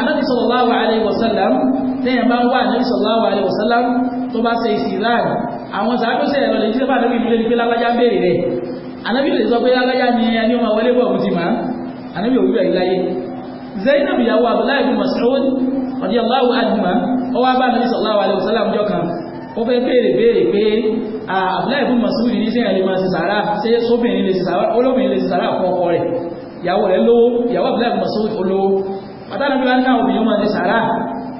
anábì sallallahu alaihi wasallam tẹ́yìn bá ń wá anábì sallallahu alaihi wasallam tó bá ṣe ìsìláàmù àwọn sàádọ́sẹ̀ ẹ̀rọ lè jí sábà lórí ìlú lè ní pé lágbájá ń béèrè rẹ̀ ànábì lè sọ pé aláyá ni ẹni ọmọ wọlé bọ̀ ti máa ànábì òwúrọ̀ bẹ́ẹ̀ láyé Zainab ìyàwó Abdullahi bin Mas'ud radiyallahu anhuma ó wá bá nàbí sallallahu alaihi wasallam jọ kan ó fẹ́ béèrè béèrè pé Abdullahi bin Mas'ud ní sẹ́yìn lè máa ṣe sàárà ṣé sóbìnrin lè ṣe sàárà olóbìnrin lè ṣe sàárà fún ọkọ rẹ̀ ìyàwó rẹ̀ lówó ìyàwó Abdullahi bin Mas'ud olówó àtàlẹ́bí wa ní káwọn obìnrin máa ṣe sàárà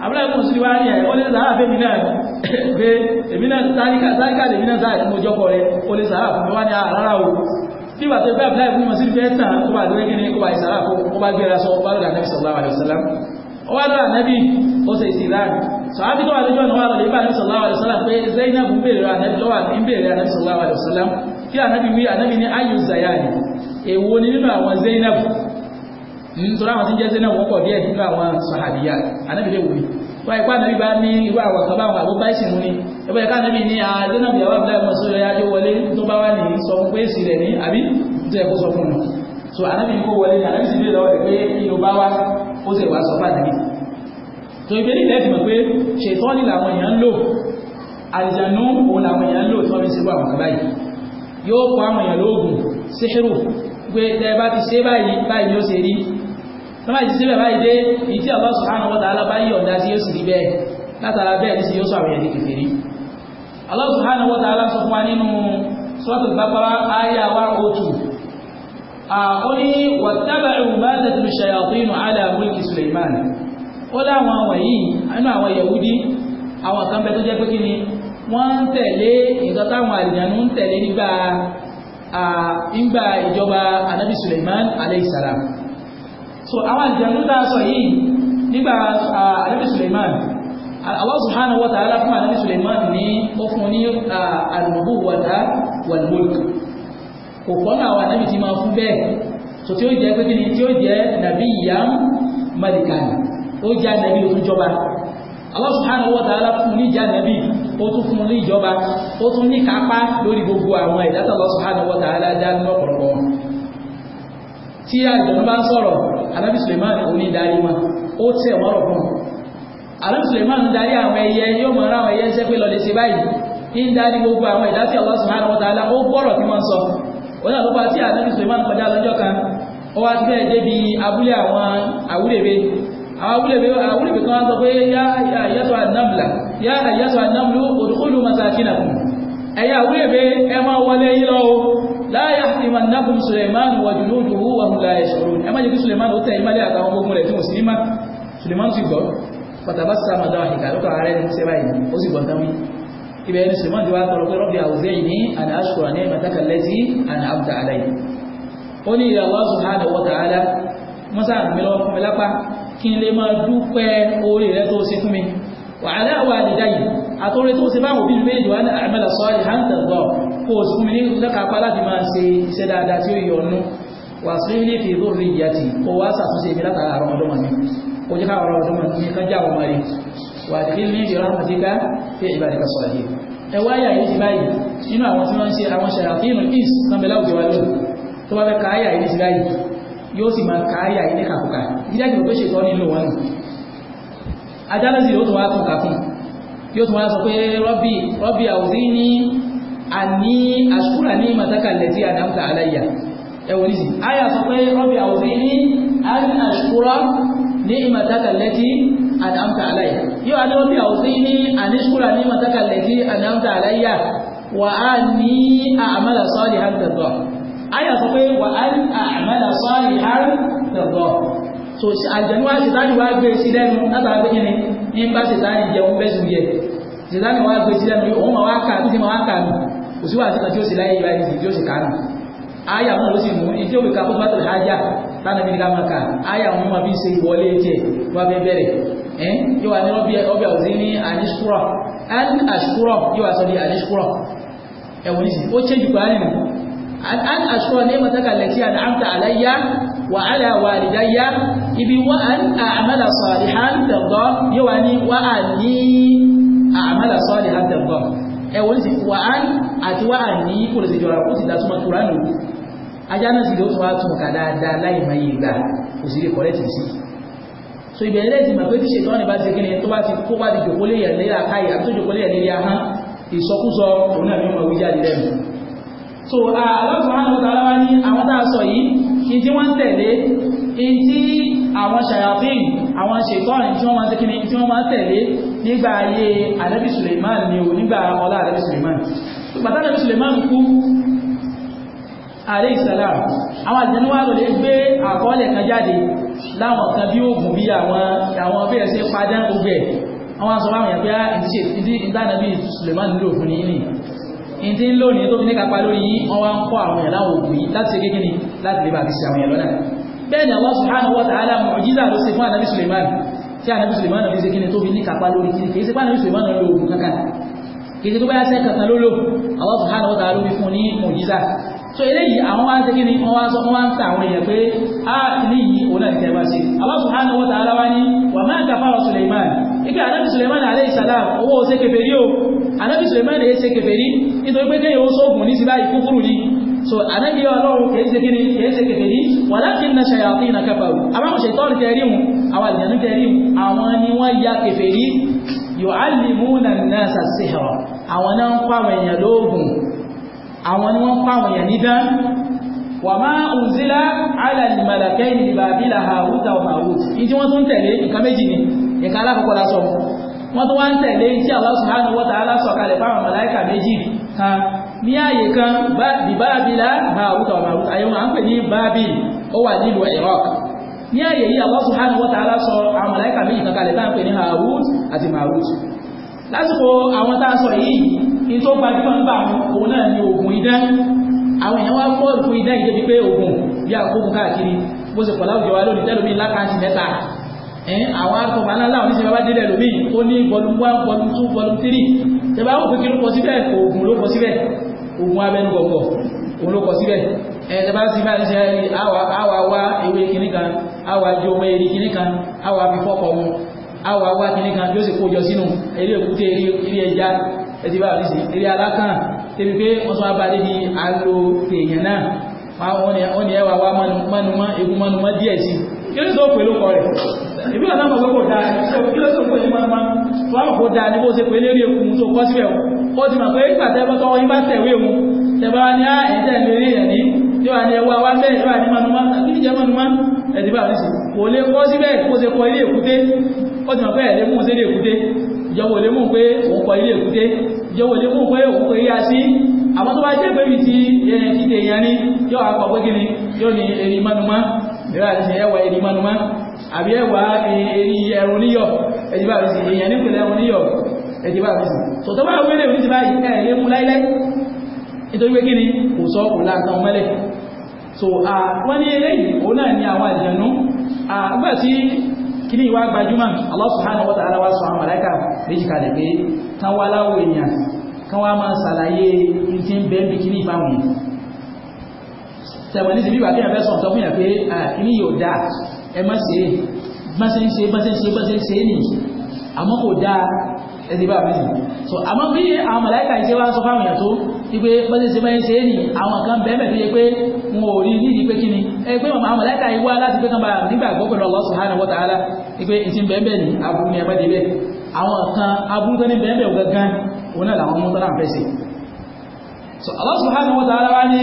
abúlé kò sí wáyé ẹ̀ ó lè sàárà fẹ́mi náà pé èmi náà sáríkà sáríkà lèmi náà sáà mo jọkọ̀ rẹ̀ ó lè sàárà fún mi wá ní àrárá ah, o tí wàá tó bá abúlé ìbùnú mọ̀ sí fẹ́ tàn kó bá dúró kíni kó bá ìsàrà kó kó bá gbéra sọ bá lọ́dà nàbì sallallahu alaihi wasallam ó wá lọ́dà nàbì ó ṣe ìsìn láàrin sàábì tó wà lójú nítorí hmm, àwọn tí ń jẹ́ sẹ́nà wọ́pọ̀ díẹ̀ nínú àwọn sàhàbíyà anábìlẹ̀ wò ni wọ́n ipá anábì bá ní irú àwọn kan báwọn àbó báyìí mú ni ẹgbẹ́ ẹ̀ká anábì ní àdénà ìyàwó abúlé ọmọ sórí ayé wọlé tó bá wà ní sọ pé èsì rẹ̀ ní àbí tó yẹ sọ fún un so anábì ní kó wọlé ní anábì sì lè lọ rẹ̀ pé ìlú bá wá ó sì wá sọ fún anábì tó ibi ní lẹ́fì mọ̀ pé ṣètọ́ ní làwọn èèyàn ń lò àlìjànú òun làwọn èèyàn ń sọ́mà ti síbẹ̀ báyìí dé ìtí Allah subhanahu wa ta'ala bá yọ̀ǹda sí yóò sì rí bẹ́ẹ̀ látara bẹ́ẹ̀ ní sí yóò sọ àwọn ẹ̀dí kèfèrí Allah subhanahu wa ta'ala sọ fún wa nínú suratul Baqara ayà wa otu oh ó ní wattaba'u ma tatlu shayatinu ala mulki Sulaiman ó láwọn wọ̀nyí nínú àwọn Yahudi àwọn kan bẹ tó jẹ́ so àwọn àjẹ̀nú tá a sọ yìí nígbà ànábì Suleiman Allah subhanahu wa ta'ala fún ànábì Suleiman ní ó fún ní àlùmọ́bù wọ̀dá wal-mulk kò fọ́nà àwọn ànábì tí máa fún bẹ́ẹ̀ so tí ó jẹ́ pé kíni tí ó jẹ́ nàbí ìyá malikan ó jẹ́ ànábì òtújọba Allah subhanahu wa ta'ala fún ní ìjà ànábì ó tún fún ní ìjọba ó tún ní kápá lórí gbogbo àwọn ìdátà Allah subhanahu tí àjọ̀nà bá ń sọ̀rọ̀ anábì suleiman òní darí wọn ó tẹ̀ wọ́n rọ̀ fún un anábì suleiman darí àwọn ẹyẹ yóò mọ̀ ra àwọn ẹyẹ ń sẹ́pẹ́ lọ lè ṣe báyìí ní darí gbogbo àwọn ìdásí Allah subhanahu wa ta'ala ó gbọ́rọ̀ tí wọ́n sọ òun àlọ́ bá tí anábì suleiman kọjá lọ́jọ́ kan ó wá ti bẹ́ẹ̀ débi abúlé àwọn àwúrèbe àwọn àwúrèbe àwúrèbe kan wá sọ pé ẹ̀yà àwúrèbe ẹ wọlé yín la yahtimannakum Sulaiman wa junuduhu wa hum la yash'urun ẹ má jẹ́ kí Sulaiman ó tẹ̀ ìmọ́lẹ̀ àtàwọn gbogbo rẹ̀ tí wọ́n sì ní má Sulaiman sì gbọ́ fatabassama dahika lọ́kọ̀ ààrẹ ní sẹ́bà yìí ó sì gbọ́n tán wí ibẹ̀ ni Sulaiman ti wá tọrọ pé rabbi awzi'ni an ashkura ni'mataka allati an'amta alayya ó ní ìyá Allah subhanahu wa ta'ala mọ́sá àmìlọ́ fún mi kó o fún mi ní lẹ́kàápá láti máa ṣe iṣẹ́ dáadáa tí ó yọ ọ̀nù wà sí ilé fi ìlú rí ìyá tì kó wá ṣàtúnṣe mi látara àwọn ọmọdọ́mọ mi kó jẹ́ káwọn ọmọdọ́mọ mi kan já ọmọ rẹ̀ wà kí ní ìrọ̀ àwọn ti ká fi ìbàdíkà sọ̀rọ̀ yìí ẹ wáyà yìí ti báyìí nínú àwọn tí wọ́n ń ṣe àwọn ṣàyàfihàn is sanbẹ̀ láwùjọ wa lónìí tó bá fẹ́ káyà yìí ti báyìí yóò sì máa káyà yìí ní kàkùkà ìdájọ́ tó ṣètọ́ nínú wọn nù ajálẹ́sì yóò tún wá tún kàkùn yóò tún wá sọ pé rọ́bì rọ́bì àwùjí ní àní àṣkúrà ní màtàkà lẹ́tí àdámta aláyà ẹwọ nìsí ayà sọ pé rọ́bì àwòrán an àṣkúrà ní màtàkà lẹ́tí àdámta aláyà yóò a ní rọ́bì àwòrán àní àṣkúrà ní màtàkà lẹ́tí àdámta aláyà wà á ní àmàlà sọ́ọ̀lì har dàdọ̀ ayà sọ pé wà á ní àmàlà sọ́ọ̀lì har dàdọ̀ so àjẹnú àṣetáni wá gbé sí lẹ́nu látara pé kíni ní bá ṣetáni jẹun bẹ́sùn yẹ ṣetáni wá gbé sí lẹ́nu yóò òun máa wá kà á títí máa wá kà á kò sí wàásù kan tí ó sì láyé ìbáyé sí tí ó sì kánú aya wọn ló sì mú ìdí òwe ká fúnpá tó lè hájà lánàá bíi káwọn ká aya wọn máa fi ṣe ìwọlé jẹ wọn bẹ bẹ̀rẹ̀ ẹ yóò wá ní ọbẹ òsì ní anishkura an ashkura yóò wá sọ ní anishkura ẹ nísìnyí ó ṣe jù kọ́ ánìmù an ashkura ní mọ̀tàkà lẹ́tí àná àmta àlàyé وعلى والدي إبي وأن أعمل صالحا ترضى يواني وأني أعمل صالحا ترضى ẹ̀wọ̀n sì wà á ní àti wà á ní kò lè ṣe jọra kó sì dá súnmọ́ kúrò ajá náà sì lè wá tún dáadáa láì máa yé gbà kò sì lè kọ́ sí so ìbẹ̀rẹ̀ lẹ́sìn mà pé tíṣe tó ní bá ti kíni tó bá ti kó bá ti jòkó lé yẹn so ah, Allah subhanahu wa ta'ala ní àwọn tá a sọ àwọn ṣàyàfíìn àwọn ṣètọ́nì tí wọ́n máa ṣe kíni tí wọ́n máa tẹ̀lé nígbà ayé ànábì Suleiman ni o nígbà ọlá ànábì Suleiman bàtà ànábì Suleiman kú alayhi salam àwọn àjẹ́nú wà lò lè gbé àkọọ́lẹ̀ kan jáde láwọn kan bí oògùn bí àwọn àwọn bí ẹ̀ṣẹ́ padà gbogbo ẹ̀ àwọn aṣọ àwọn ìyàpẹ́ ìdí ìdánàbí Suleiman nílò fún ní ìdí lónìí tó fi ní kapa lórí yí wọ́n wá ń kọ́ àwọn ìyàláwò ògùn yìí láti ṣe kékeré láti lè bàbí sí àwọn ìyàlọ́nà bẹ́ẹ̀ ni Allah subhanahu wa ta'ala mu'jiza ló ṣe fún anabi suleiman tí anabi suleiman fi ṣe kí ni tó fi ní kápá lórí kí ni kì í ṣe fún anabi suleiman lórí ogun kankan kì í ṣe tó bá yá sẹ́ kankan ló lò Allah subhanahu wa ta'ala ló fi fún ní mu'jiza so eléyìí àwọn wá ń ṣe kí ni wọ́n wá sọ wọ́n wá ń ta àwọn èèyàn pé a níyì òun náà kẹ́ bá ṣe Allah subhanahu wa wá ní wa ma kafara suleiman ike anabi suleiman alayhi salam owó ṣe kèfèrí o anabi suleiman èyí ṣe kèfèrí nítorí pé kéèyàn ó sóògùn ní ti báyìí kúkúrú ni so anabi ọlọ́run kìí ṣe kíni kìí ṣe kèfèrí walakinna shayatina kafaru abáwọn ṣètọ́rì tẹ̀ríhùn àwọn àlìyànú tẹ̀ríhùn àwọn ni wọ́n ya kèfèrí yu'allimuna an-nasa as-sihra àwọn náà ń pàwọn èèyàn lóògùn àwọn ni wọ́n pàwọn ala al-malakayni babila haruta wa marut ní tí wọ́n ni nǹkan alákọ̀ọ́kọ́ la sọ wọ́n tún wá ń tẹ̀lé tí Allah subhanahu wa ta'ala sọ̀kalẹ̀ fáwọn màláìkà méjì kan ní ààyè kan bí bábílá báàrúta ọ̀bàrúta àyẹ̀wò à ń pè ní bábí ó wà nílùú Iraq ní ààyè yìí Allah subhanahu wa ta'ala sọ àwọn màláíkà méjì kan kalẹ̀ tá à ń pè ní Harut àti Marut lásìkò àwọn tá a sọ yìí ní tó gbajúmọ̀ ń bà òun náà ni oògùn idán àwọn èèyàn wá fọ́ ìfún idán yìí débi pé oògùn bí àkókùn káàkiri bó ṣe pọ̀ láwùjọ wa lónìí tẹ́lómi lákàntì mẹ́ta àwọn akọ̀bà ńlá láwọn oníṣẹ́ bá délẹ̀ lómi ó ní bọ́lú 1 bọ́lú 2 bọ́lú 3 tẹ́bá ó fi kí ló pọ̀ síbẹ̀ oògùn ló pọ̀ síbẹ̀ ogun abẹ́nugọ̀pọ̀ òun ló kọ síbẹ̀ ẹ̀ẹ́dẹ̀ bá sì máa ń ṣe àwà wá ewé kìíní kan àwà ju ọmọ eré kìíní kan àwà fi fọ́kọ̀ wọn àwà wá kìíní kan yóò sì kójọ sínú eré òkúté eré ẹja ẹtì bá rí sí eré alákàn ìbí ọ̀nà mọ̀ pé kò dáa ṣe kí ló tó pé ní máa máa tó àwọn kò dáa ní bó ṣe pé lérí ekun tó kọ́ síbẹ̀ ó ti mọ̀ pé ìgbà tẹ́bọ́ tọ́wọ́ yín bá tẹ̀wé òun tẹ̀bá wa ní ẹ̀jẹ̀ lérí ẹ̀ ní tí wà ní ẹwà wá bẹ́ẹ̀ tí wà ní manumá kí ní jẹ́ manumá ẹ̀dìbà ní sí kò lè kọ́ síbẹ̀ bó ṣe kọ́ ilé èkúté ó ti mọ̀ pé ẹ̀lẹ́ mú sí ilé èkúté ìjọba olè mú àbí ẹwà eré ẹrun níyọ̀ ẹjì bá bìsì èèyàn nípìnlẹ̀ ẹrun níyọ̀ ẹjì bá bìsì tòótọ́ bá wílé òní ti báyìí ẹ̀ lé mú láíláí nítorí pé kí ni kò sọ kò láǹkan mẹ́lẹ̀ so wọ́n ní eléyìí òun náà ní àwọn àjẹnú àgbà tí kí ni ìwà gbajúmọ̀ Allah subhanahu wa ta'ala sọ àwọn màláíkà méjì kalẹ̀ pé kan wá láwọ èèyàn kan wá máa ṣàlàyé ìtí ń bẹ́ẹ̀ bí kí ni ìbáwọn yìí tẹ̀wọ̀n ní ti bí wà kí ni àfẹ́ sọ̀tọ́ fún yàn pé dáa ẹ má ṣe é bá ṣe ń ṣe bá ṣe ń ṣe bá ṣe ń ṣe é nìyí àmọ́ kò dáa ẹni bá mi so àmọ́ bí àwọn màláíkà ìṣe wá sọ fáwọn èèyàn tó wípé bá ṣe ṣe bá ń ṣe é nìyí àwọn kan bẹ́ẹ̀ tó yẹ pé wọn ò rí nídìí pé kí ni ẹ pé àwọn màláíkà yìí wá láti pé kan bá nígbàgbọ́ pẹ̀lú Allah subhanahu wa ta'ala wípé ìtì bẹ́ẹ̀ bẹ́ẹ̀ ni aburú ni ẹ bá dé bẹ́ẹ̀ àwọn kan aburú tó ní bẹ́ẹ̀ bẹ́ẹ̀ gangan òun náà làwọn mú tọ́lá ń fẹ́ sí so Allah subhanahu wa ta'ala wá ní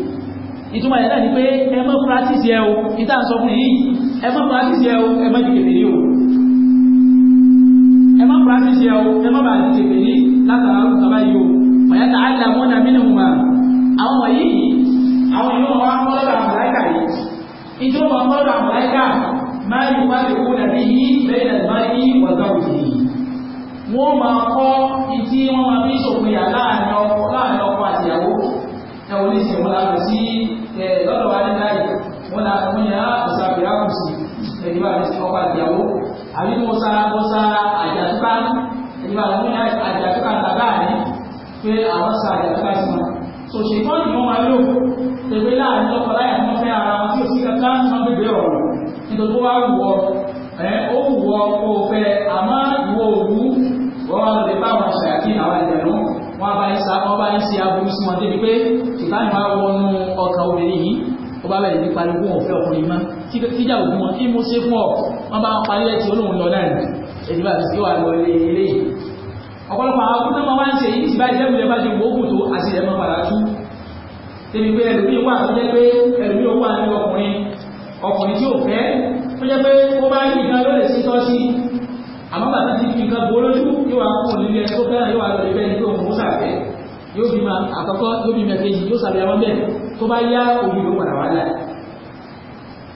ìtumọ̀ ẹ̀ ni pé ẹ mọ́ practice ẹ o ìta ń sọ fún yìí ẹ mọ́ practice ẹ o ẹ mọ́ di o ẹ mọ́ practice ẹ o ẹ mọ́ bá di kèfèrè látara ọdún tọ́ba yìí o ọ̀yá ta àjà mọ́nà mínú mà àwọn wọ̀nyí àwọn ìlú wọn wá fọ́lọ́dọ̀ àwọn màláìkà yìí ìjọ wọn fọ́lọ́dọ̀ àwọn màláìkà máa yìí wá lè kó nàbí yìí bẹ́ẹ̀ nà máa yí wọ̀gá òsì wọ́n láàrin ọkọ àti ìyàwó ẹ̀wọ̀n ní ìṣẹ̀wọ̀n láàrin sí lọ́dọ̀ wa ní láyé wọ́n na wọ́n yà ọ̀sà bìrákùsì ẹ̀dínwá rẹ̀ ah, sí ah, ọba ìyàwó àbí mo sa mo sa àjàtúkà ẹ̀dínwá rẹ̀ wọ́n yà àjàtúkà bàbá rẹ̀ pé àwọn sa àjàtúkà sí wọn. sòṣè kọ́ ni wọ́n máa lò tẹ̀wé láàrin lọ́kọ̀ láyà tí wọ́n fẹ́ ara wọn tí ò sí kẹta tí wọ́n gbé ọ̀rọ̀ nítorí wọ́n wá wù ọ ó wù ọ kó o fẹ́ àmọ́ ìwọ òwú àwọn bá ń ṣe aburú sí wọn débi pé ṣùgbọ́n àwọn wọnú ọkàn obìnrin yìí ó bá bẹ̀rẹ̀ ní pariwo òfẹ́ ọkùnrin mọ́ kíjà ògùn wọn kí mo ṣe fún ọ wọn bá ń parí ẹtì olóhùn lọ náà nì èdè bá ti sí wà lọ ilé ilé yìí ọ̀pọ̀lọpọ̀ àwọn akúntàn máa ń ṣe yìí ti báyìí lẹ́mùlẹ́ bá ṣe gbóògùn tó àti ilẹ̀ máa padà tú débi pé ẹlòmíì wà tó jẹ́ pé ẹlòmíì ó wà ní ọkùnrin ọkùnrin tí ò fẹ́ tó jẹ́ pé ó bá yí nǹkan ló lè ṣe tọ́ sí àmọ́ bàtà ti fi nǹkan bo lójú yóò wá kó nílé ẹ tó fẹ́ràn yóò wá lọ ibẹ̀ ní pé òun ó sàfẹ́ yóò bí ma àkọ́kọ́ yóò bí mẹ́kẹ́jì yóò sàbẹ̀ àwọn bẹ́ẹ̀ tó bá yá omi ló padà wá láì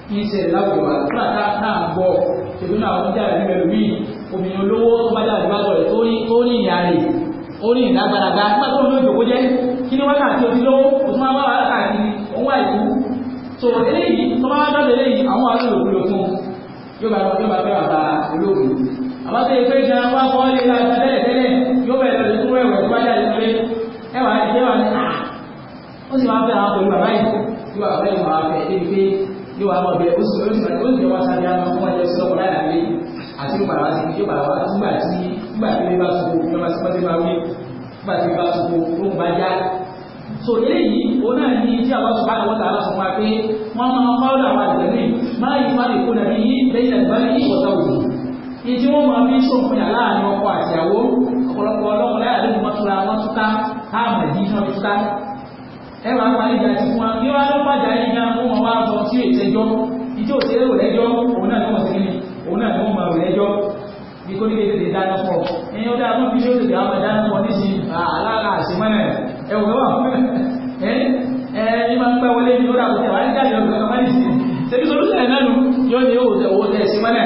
ní ìṣẹ̀lẹ̀ láwùjọ wa kúrà tá náà bọ̀ ṣèlú náà wọ́n jáde níbẹ̀ lómi obìnrin olówó tó bá jáde bá sọ̀rọ̀ tó ní tó ní ìyá rẹ̀ ó ní ìlágbáraga nígbà tó ń lo ìjòkó jẹ́ kí ni wọ́n kà sí omi lówó kò tún máa bá wàhálà káàkiri òun àìkú tó eléyìí tó bá dọ́dọ̀ eléyìí àwọn àti òkúlò fún yóò bá fẹ́ bàbá olóògùn àbátẹ́ ìfẹ́ ìṣẹ́ wọn kọ́ lé láti tẹ́lẹ̀ tẹ́lẹ̀ ó sì máa fẹ́ àwọn pẹ̀lú bàbá yìí tí bàbá yìí máa fẹ́ débi pé yóò wá máa bẹ ó sì máa ó sì wá sáré àwọn ọmọ ẹ̀jẹ̀ sí ọkọ̀ láyà lé àti yóò bàbá ti yóò bàbá nígbà tí nígbà tí so eléyìí òun náà ní tí àwọn sùpá àwọn tààrà sọ wá pé wọ́n máa fáwọn àwọn àgbẹ̀mí máa yí fáwọn ìkó nàbí yí lẹ́yìn àgbáyé ìwọ̀ta òjò ìdí wọn máa fi sọ̀kùn yà láàrin ọkọ àtìyàwó ọ̀pọ̀lọpọ̀ ọlọ́kùnrin àdéhùn mọ́tòlá wọn túká táàmù ẹ̀dí ẹ wàá parí ìjà ti fún wa bí wàá ló pàjá yín náà fún wọn wá sọ sí ìṣẹjọ ìjọ òṣèré wò lẹjọ òun náà ni wọn ti ní òun náà ni wọn máa wò lẹjọ bí kò ní lè tètè dáná pọ ẹyin ó dáa fún bí yóò tètè àwọn dáná pọ níṣì àlàlà àṣemọ́nà ẹ wò wá ẹ ẹ ní máa ń pẹ́ wọlé ní ó dà kó tẹ̀ wá ní jáde ọ̀gbọ̀n kan má ní sí ṣebí solúsẹ̀ náà nù yóò ní owó tẹ̀ ṣemọ́nà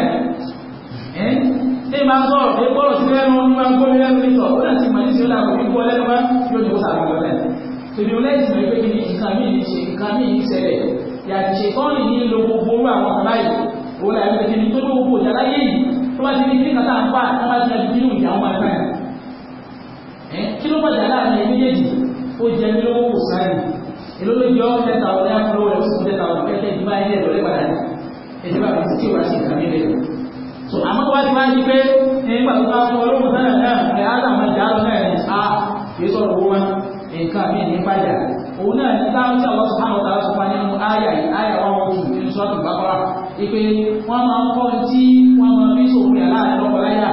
ẹ ní máa ń sọ̀rọ̀ pé bọ́ọ̀lù sí lẹ́nu ní máa ń gbọ́ lẹ́nu nítọ̀ ó náà ti mọ̀ ní tèmi ò lẹ́yìn sọ̀rọ̀ pé kí ni nǹkan mí ní ṣe nǹkan mí ní ṣẹlẹ̀ yàtì ṣètọ́nì ní lo gbogbo orú àwọn ọ̀rá yìí òun làwọn ẹgbẹ́ tèmi tó lówó ìjà láyé yìí tó bá ti ní kí kàtà ń bá tó bá ti ní nínú ìjà wọn náà kí ló bá jà láàrin méjèèjì ó jẹ mí lówó kò sáré èló ló jọ tẹta ọ̀rẹ́ àkúrò rẹ̀ fún tẹta ọ̀rẹ́ kẹ́kẹ́ ìdí báyìí lẹ́rọ lẹ́ padà ètò ìbàbí tí ò bá sì kàmí rẹ̀ so àmọ́ wá ti máa ń di pé nígbà tó bá fún ọlọ́run náà náà ẹ̀ á dà máa jà á lọ náà ẹ̀ á kì í sọ̀rọ̀ nǹkan àmì ní padà òun náà ní táwọn tí àwọn sùn àwọn tààrà sọpá nínú àyà yìí àyà wọn wọn tù nínú sọ́ọ̀tù bákọ́rà ipe wọn máa ń kọ́ tí wọn máa fi sòfin yà láàrin lọ́kọ̀ láyà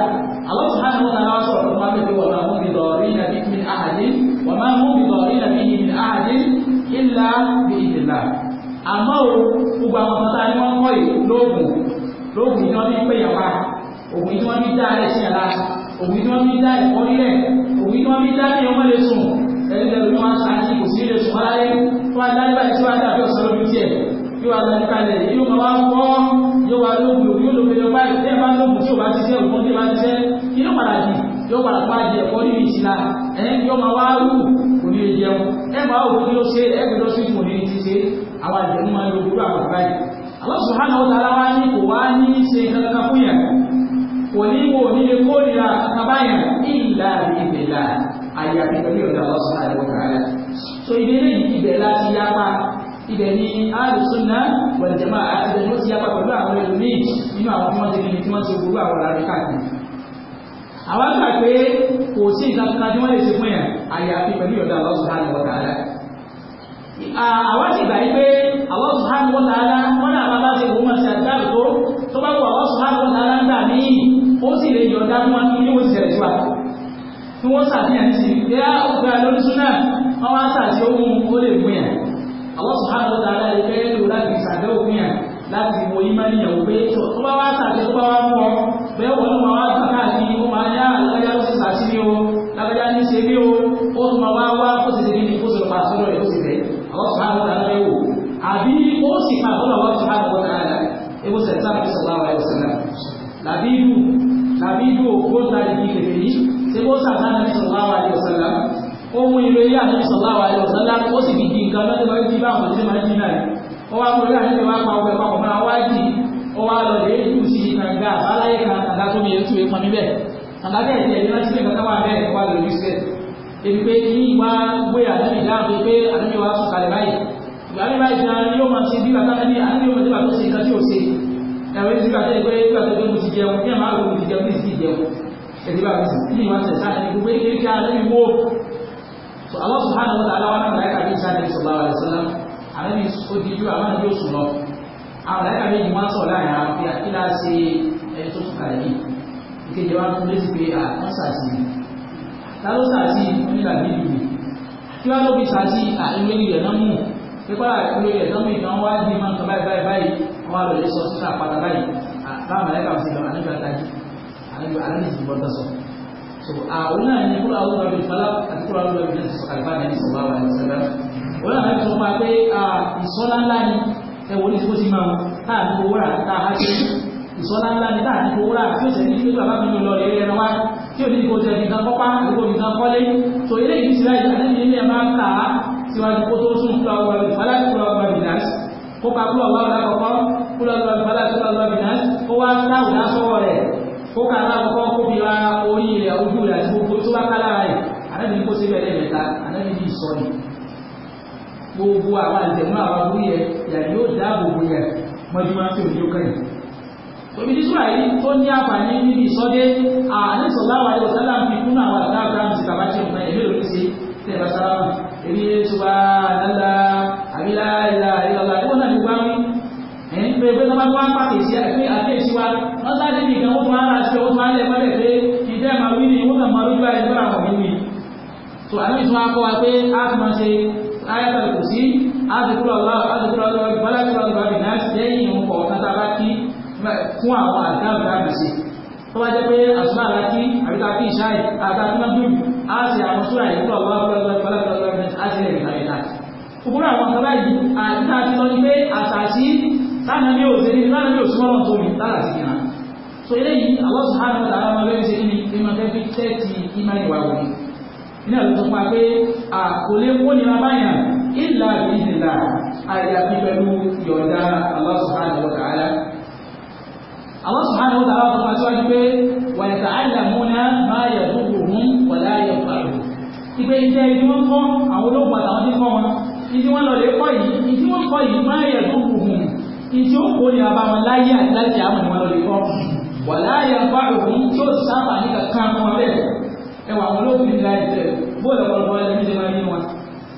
àwọn sùn àwọn tààrà sọ̀rọ̀ tó máa bẹ̀rẹ̀ wọn máa mú mi lọ rí nàbí mi àhàdé wọn máa mú mi lọ rí nàbí mi àhàdé ìlà bí ìdìlà àmọ́ o gbogbo àwọn ọmọ ni wọ́n fi ẹni tẹ́lẹ̀ tó wá sáájú kò sí ilé sùn láyé tó wá dájú báyìí tí wá dàbí ọ̀sán lóbi tiẹ̀ yóò wá lọ́ọ́ kalẹ̀ yóò máa wá wọ́ yóò wá lóògùn yóò lóògùn yóò báyìí tẹ́ bá lóògùn tí ò bá ti sẹ́ òkun tí ò bá ti sẹ́ kí ló padà dì yóò padà pa jẹ ẹ̀kọ́ nínú ìsìlá ẹ̀ yóò máa wá wù kò ní lè jẹun ẹ̀ àyàfi pẹ̀lú ọ̀dọ̀ Allah subhanahu wa ta'ala so ibi eléyìí ibẹ̀ láti yapa ibẹ̀ ni alùsùnà wal jama'a ibẹ̀ ni ó ti yapa pẹ̀lú àwọn ẹlòmíì nínú àwọn tí wọ́n ti kíni tí wọ́n ti gbogbo àwọn ọ̀rọ̀ káàkiri àwọn gbà pé kò sí ìtàkùnkan tí wọ́n lè ṣe fún yàn àyàfi pẹ̀lú ọ̀dọ̀ Allah subhanahu wa ta'ala àwọn ti gbà yí pé Allah subhanahu wa ta'ala wọ́n náà bá bá ti wọ́n máa ṣe àdúrà tó bá wọ Allah subhanahu wa ta'ala ń dà ní ó sì lè yọ̀ọ̀dá fún wa tí wọ́n sàfihàn sí pé á òkè lórí súnà wọ́n wá sàtì ohun ó lè mú yàn àwọn sùhánù tààlà lè fẹ́ lò láti ìsàdé òkú yàn láti wo yí máa níyàwó pé tó bá wá sàtì tó bá wá mú ọ bẹ́ẹ̀ wọ́n ló máa wá tàn káàkiri ó máa yá lágbájá ó sì sàtì ní o lágbájá ní ṣe bí o ó tún máa wá wá ó sì ní kó sọ̀rọ̀ pa rẹ̀ ó sì rẹ̀ àwọn sùhánù tààlà àbí ó sì pa àbúrò àwọn ṣe ó sàtà nàbí sallallahu alaihi wasallam ohun ìlú ilé àti sallallahu alaihi wasallam ó sì fi nǹkan lọ́dẹ̀ wáyé bí bá àwọn tí máa náà ó wá kúrò láti wá pa ọgbẹ́ papọ̀ máa wá jì ó wá lọ lè kú sí nàgbà àbáláyé kan àdá tó mi ètò ìpọn níbẹ̀ àdájọ́ ìjẹ́ ìdí láti ṣe wà bẹ́ẹ̀ wá gbé àdébì dáàbò ẹ̀dí bá bíi sìn ní ìwà tẹ̀sán ẹni gbogbo ẹni kí alẹ́ mi wó so Allah subhanahu wa ta'ala náà láyé kàbí ìṣá ní sallallahu alaihi wasallam àmì mi ó di ju àwọn yóò sùn lọ àwọn láyé kàbí ìjùmọ̀ sọ̀ láàyè àwọn fi àkílà ṣe ẹni tó sùn kàlẹ́ yìí ìkejì wa tún lé sí pé àwọn sàṣì ta ló sàṣì nígbà bíbí kí wá ló fi sàṣì àìwé ilẹ̀ náà mú pípa ìwé ilẹ̀ náà mú ìtàn wọn á lọ lè sí àpáta báyìí báwọn mọ̀lẹ́kà ń ṣe àlejò àlejò ti bọ́ta sọ. so àwọn náà ní kúrò àwọn ọ̀gbìn fọlá àti kúrò àwọn ọ̀gbìn náà ti sọ̀kalẹ̀ bá àlejò sọ̀rọ̀ àwọn àlejò sọ̀rọ̀ wọn náà fẹ́ sọ fún wa pé ìsọ́lá ńlá ni ẹ wò ní ìfọ́sí máa táà ní owó rà táà á ṣe ìsọ́lá ńlá ni táà ní owó rà tí ó sì ní pé bàbá mi lọ rẹ̀ rẹ̀ wá tí ò ní kó jẹ nìkan kọ́pá àdúgbò nìkan kọ́lé so eléyìí ti ráyè àti ilé ẹ̀ máa ń kà á síwájú kó tó sún kúrò àwọn ọ̀gbìn fọlá kúrò àwọn ọ̀gbìn náà kó pa kúrò àwọn ọ̀gbìn náà kọ̀kọ́ kúrò àwọn ọ̀gbìn fọlá kúrò àwọn ọ̀gbìn náà kó wá táwọn kó ká alákọ̀ọ́kọ́ kó fi ra orí rẹ̀ ojú rẹ̀ àti gbogbo tó bá ká lára rẹ̀ anábì kó síbẹ̀ lẹ́ẹ̀mẹ́ta anábì yìí sọ ni gbogbo àwọn àjẹmọ́ àwọn aburú yẹ yàrá yóò dáàbò bò yẹ mọ́júmọ́ tí òjò kẹ́yìn òbí tí sùúrà yìí ó ní àǹfààní níbi ìsọdé àníṣọláwà yóò sálà ń fi kún àwọn àgbà àgbà àti bàbá tí òun ẹ̀mí lòdì sí tẹ̀bà sálámà èmi yéé tuba àdàlà ṣe pé sábà wá pàkíyèsí àkíyèsí wa wọ́n sáré bí nǹkan ó tún ara ṣe ó tún ara ẹ̀ mọ́lẹ̀ pé ìdá ìmọ̀ wí ni wọ́n kàn mọ́ lójú ayé lọ́ra wọ̀ nínú yìí. tó àlọ́ ìtún akọ wa pé a ti máa ṣe ayáta kò sí azikúrò ọlọ́ azikúrò ọlọ́ ìbálẹ̀ kúrò ọlọ́ ìbìnà lẹ́yìn òun kọ̀ ọ̀kan tá a bá kí fún àwọn àdáàbò láti ṣe tó bá jẹ́ pé àsùnmọ́ àlákí àbí ká kí ìṣáì àtàkùnmájú á ṣe àwọn súra ìkúrò ọlọ́ ìbálẹ̀ kúrò ọlọ́ ìbìnà á ṣe lè rí àyè láti. òkúrò àwọn kan báyìí àti tá a ti lọ ní pé àtàṣí tánà ní òsè ní tánà ní òsè mọ́lọ́ tó mi lára sí kìnnà so eléyìí Allah subhanahu wa ta'ala máa bẹ́ẹ̀ ṣe ní ìmọ̀ tẹ́tí tẹ́tí ìmọ̀ ìwà wò ní ilé àlùkò pa pé àkọlé kó nira báyà ìlà ìdìlà àyàfi pẹ̀lú yọ̀ọ̀dá Allah subhanahu wa ta'ala Allah subhanahu wa ta'ala tó máa tíwájú pé wa yata'allamuna ma yadurruhum wa la yanfa'uhum ìgbé iṣẹ́ ìdí wọ́n kọ́ àwọn olóògùn àtàwọn tí kọ́ wọn ìdí wọ́n lọ lè kọ́ yìí ìdí wọ́n kọ́ yìí máa yẹ ìjó kò ní abá wọn láyé àti láti àmọ̀ wọn lórí kọ́ wà láyé apá òun tí ó sábà ní kankan wọn bẹ́ẹ̀ ẹ wà wọn lókùn nílá ìtẹ̀ bóòlù ọ̀pọ̀lọpọ̀ ẹni tí wọ́n ní wọn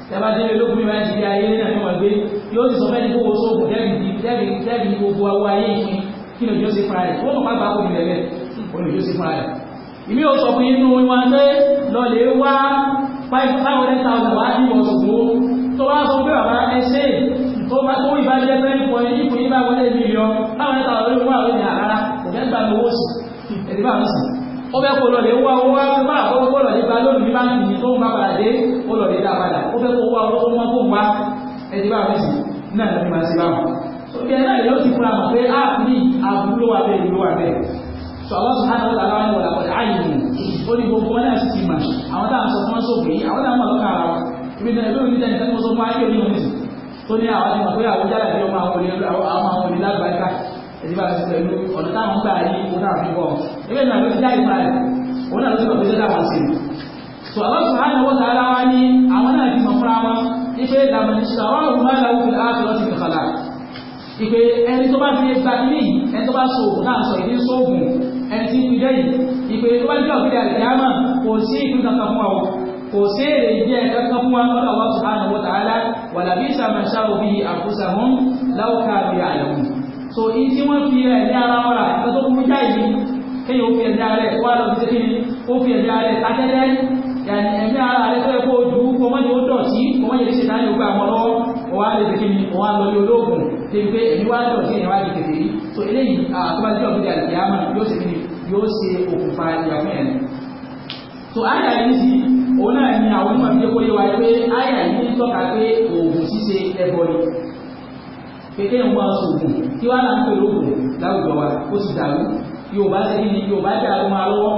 tẹ́bá délé lókùn nílá ìtẹ̀ bí ayé náà ní wọn gbé yóò ti sọ fẹ́ ní kówó sóògùn dẹ́bi gbogbo awọ ayé ìfún kí ni yóò ṣe fúnra rẹ̀ wọ́n mọ̀ pàgbà kò ní lẹ́lẹ̀ ó ní yóò ṣe fúnra rẹ̀ ìmí ò sọ fún inú wọn pé lọlé wá five hundred thousand wá ní wọn sọ̀gbọ́n tó wá sọ pé ẹ ṣe tó bá tó ìbá jẹ́ pé ipò ipò yìí bá wọlé ibi yọ láwọn ẹ̀ta ọ̀rẹ́ wà lórí ní àrárá kò fẹ́ gba owó sùn ẹ̀dí bá sùn ó fẹ́ kó lọ lè wá owó wá bá àkókò kó lọ lè gba lónìí ní báńkì yìí tó ń bá padà dé ó lọ lè dá padà ó fẹ́ kó wá owó tó mọ́ fún wa ẹ̀dí bá sùn náà ló fi máa ṣe báwọn. sókè náà yóò ti fura mọ̀ pé áàpù ah, ní àbúrò wa bẹ́ẹ̀ ló wà bẹ́ẹ̀ sọlá sùhánà wọlé aláwọ wọlé àkọlẹ àyìnbó ó ní gbogbo wọn náà sì ti mà àwọn táwọn sọ fún wọn sófin àwọn táwọn ọlọ́kà ara wọn ibi tẹ̀lé lórí tẹ̀lé tẹ̀lé wọn sọ fún ayé òní òní sì tó ní àwọn ti mọ̀ pé àwọn jáde àbí ọmọ àwọn olè àwọn àwọn olè lágbàáyíká ẹ̀sìn bá ti pẹ̀lú ọ̀nà táwọn gbà yí òun náà fi bọ̀ ẹgbẹ́ náà ló ti jáde pa rẹ̀ òun náà ló ti mọ̀ pé sọ́jà wọn sí i. sọ Allah subhanahu wa ta'ala wa ní àwọn náà ti mọ̀ fúnra wọn ipe làmọ̀lì sọ̀rọ̀ ọ̀hún máa làwọn òkè láàbù lọ́sì kàkàlà ipe ẹni tó bá fi gba ilé yìí ẹni tó bá so òògùn náà sọ ìdí sóògùn ẹni tí ń fi jẹ́ yìí ipe tó bá jẹ́ òkè kò sí èrè jẹ́ kankan fún wa lọ́dọ̀ Allah subhanahu wa ta'ala wà làbí ìsàmàṣàrò bí anfusahum law kanu ya'lamun. so in tí wọ́n fi ẹ̀dá ara wọn rà ìgbà tó kúrú jáì kéèyàn ó fi ẹ̀dá rẹ̀ wá lọ sí kíni ó fi ẹ̀dá rẹ̀ tájẹ́dẹ́ yàní ẹ̀mí ara rẹ̀ tó yẹ kó ojú kó má jẹ́ ó dọ̀tí kó má jẹ́ ní yóò gbà wọn lọ́wọ́ so eléyìí àtúbàjẹ́ ọ̀gbìn àlùkìyàmọ̀ yóò ṣe kíni yóò ṣe òkùnfà ìyàwó yẹn so àyà yìí òun náà ni àwọn onímọ̀ fi kó yé wa pé àyà yìí ń tọ́ka pé oògùn ṣíṣe ẹbọ ni kété ń wá oògùn kí wàá náà ń pè lóògùn láwùjọ wa ó ti dàrú Yorùbá ṣe kíni Yorùbá dàrú máa lọ́wọ́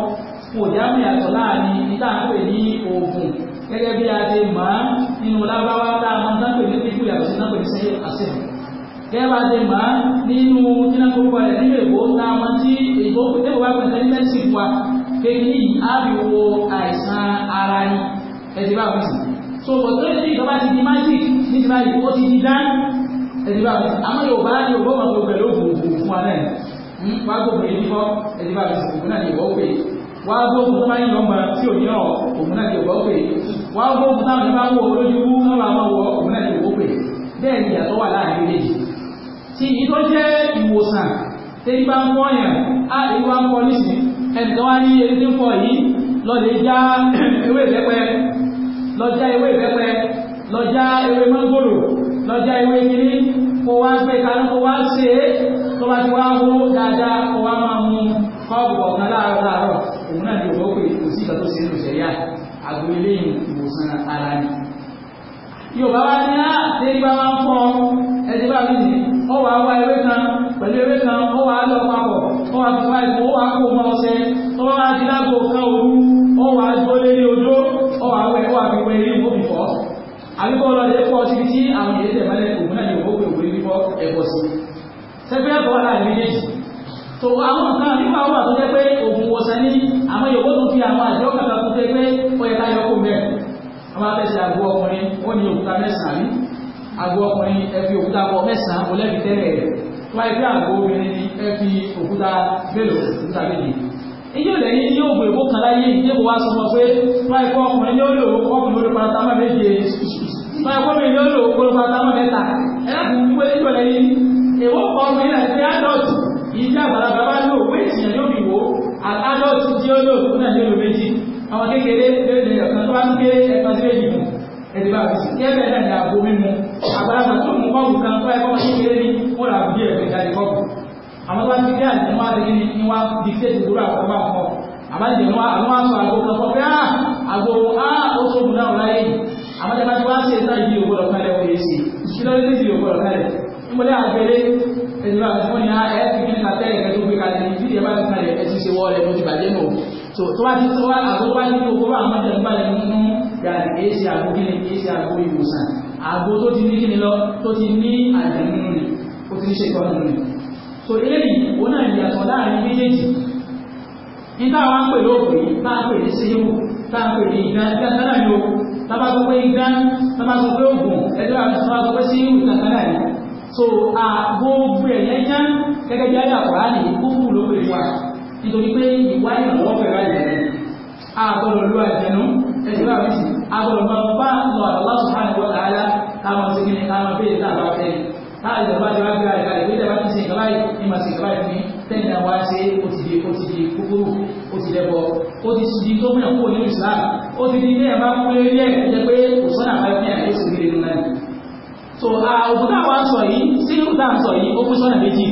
fún òjàmù yàtọ̀ láàrin níta ń pè ní oògùn gẹ́gẹ́ bí a ti mọ̀ á nínú lábáwá tá a máa ń tán pè ní pípù yàtọ̀ sí náà pè ní sẹ́yìn àṣẹ̀yìn gẹ́gẹ́ bá ti mọ̀ á nínú kí náà kó pé ní àbíwo àìsàn ara ni ẹ̀dí bá wọ́n sì so bọ̀tọ́ ní ìjọba ti di magic ní ti báyìí ó ti di dán ẹ̀dí bá wọ́n sì àmọ́ Yorùbá ni Yorùbá máa gbogbo ẹ̀rọ òògùn òògùn fún wa náà hmm? wá gbogbo èyí kọ́ ẹ̀dí bá wọ́n sì òògùn náà Yorùbá ó pè wá gbogbo tó bá yín lọ́mọ tí ò ní ọ̀ òògùn náà Yorùbá ó pè wá gbogbo táwọn ìbá wọ olójú wú lọ́wọ́ àwọn wọ òògùn náà Yorùbá ó pè bẹ́ẹ̀ ni ìyàtọ̀ wà láàrin méjèèjì tí ìtọ́jẹ́ ẹnìkan wá ní eré tí ń pọ̀ yìí lọ́lẹ̀ já ewé ìbẹ́pẹ lọ́jà ewé ìbẹ́pẹ lọ́jà ewé mọ́ngòrò lọ́jà ewé kiri kó wá gbé kaná kó wá ṣe é tó bá ti wá wó dáadáa kó wá máa mú kọ́ọ̀bù ọ̀kan láàárọ̀ láàárọ̀ òun náà ní òwò pé kò sí ìgbà tó ṣe é lò ṣẹ̀yà àgbo eléyìí ìwòsàn ara ni. Yorùbá wá ní ah, á tẹ́lifá wá ń fọ́ ẹ ó wàá wá ewé kan pẹ̀lú ewé kan ó wàá lọ papọ̀ ó wàá fi báyìí ó wàá kó mọ́ ọṣẹ ó wàá di lágbo kan òru ó wàá dúró lórí odó ó wàá wẹ̀ ó wàá fi wẹ̀ ilé ìwòbí fọ́ àbíkọ́ ọlọ́dẹ pọ̀ síbi tí àwọn èdè tẹ̀mọ́lẹ̀ òun náà ni òwò pé òwe bíbọ́ ẹ̀kọ́ sí sẹ́gbẹ́ ẹ̀kọ́ wà láàrin méjèèjì tó àwọn nǹkan nípa àwọn àtọ́ jẹ́ pé òògùn wọ̀sán ní àwọn yòókù tó fi àwọn àjọ kàkà tó jẹ́ pé ó yẹ ká yọ kó mẹ́rin àwọn afẹ́sẹ̀ àgbo ọkùnrin ó ní òkúta mẹ́sàn-án àgbo ọkùnrin ẹ fi òkúta bọ mẹ́sàn-án kò lẹ́bi tẹ́lẹ̀ rẹ̀ tó wáyé pé àgbo obìnrin ni ẹ fi òkúta mélòó òkúta méje. iyó lẹ́yìn yóò gbé ìbò kan láyé ìdíyẹ̀wò wa sọ fún ọ pé tó wáyé pé ọkùnrin yóò lò ọkùnrin lórí paratamọ́ méje tó wáyé pé obìnrin yóò lò ọkùnrin paratamọ́ mẹ́ta ẹ láti wípé iyó lẹ́yìn èwo kọ ọkùnrin náà ti adult ìjà àgbàlagbà bá lò wé ó lò náà yóò lò méjì àwọn kékeré lórí ẹ̀kan tó bá ń ẹ̀dìbà kí ẹ̀bẹ̀ náà ní àgbo mímu àgbàlagbà tó mú kọ́ọ̀bù kan tó ẹ̀kọ́ wọn kékeré ní ó ra bí ẹ̀fẹ̀ jáde kọ́ọ̀bù àwọn tó bá ti dé àná wọn á ti ní ní wọn dìkté ìdúró àkọ́kọ́ àkọ́ àbájẹ wọn àwọn aṣọ àgbo kan kọ́ pé ah, àgbo á ah, ó tó mú náà láyé àwọn tó bá ti wá sí ẹ̀ta ìdí ògbọ́dọ̀ kalẹ̀ wọ́n yé sí ìṣúná ní ìdí ògbọ́dọ̀ kalẹ̀ nímọ̀lẹ́ àgbélé ẹ̀dùnú àtúnfọ́ ni ah, ẹ ti fi nípa tẹ́lẹ̀ kẹ́tọ́ gbé kalẹ̀ ní ìdílé bá ti kalẹ̀ ẹ ti ṣe wọ́ọ̀lẹ̀ mo ti bàjẹ́ nù tó bá ti tó wá àgbo bá ní owó àwọn ọmọdé ń balẹ̀ nínú gàdì kìí ṣe àgbo kíni kìí ṣe àgbo ìwòsàn àgbo tó ti ní kíni lọ tó ti ní àjẹmú nínú so eléyìí ó náà yàtọ̀ láàrin méjèèjì nígbà wa ń pè lóògùn yìí bá ń pè ní sẹ́yìnwó bá ń pè ní ìgbà kankan náà yóò tábà sọ pé ìgbà tábà so àgbóògùn ẹ̀yẹ jẹ́ gẹ́gẹ́ bí ayé àkùrá ní kúkú ló pè wá nítorí pé ìwà ìrànlọ́wọ́ pẹ̀lú àjẹmú àgbọ̀dọ̀ lu kúrú ó ti lẹ́bọ ó ti di tó múyàn kúrò nínú islam ó ti di ilé-ẹ̀bá kúrò ilé ẹ̀ jẹ́ pé kò sọ́nà àbáyọ ní àyè sí ilé nínú náà so òkú tá a wá ń sọ yìí sí òkú tá a ń sọ yìí ó kú sọ́nà méjì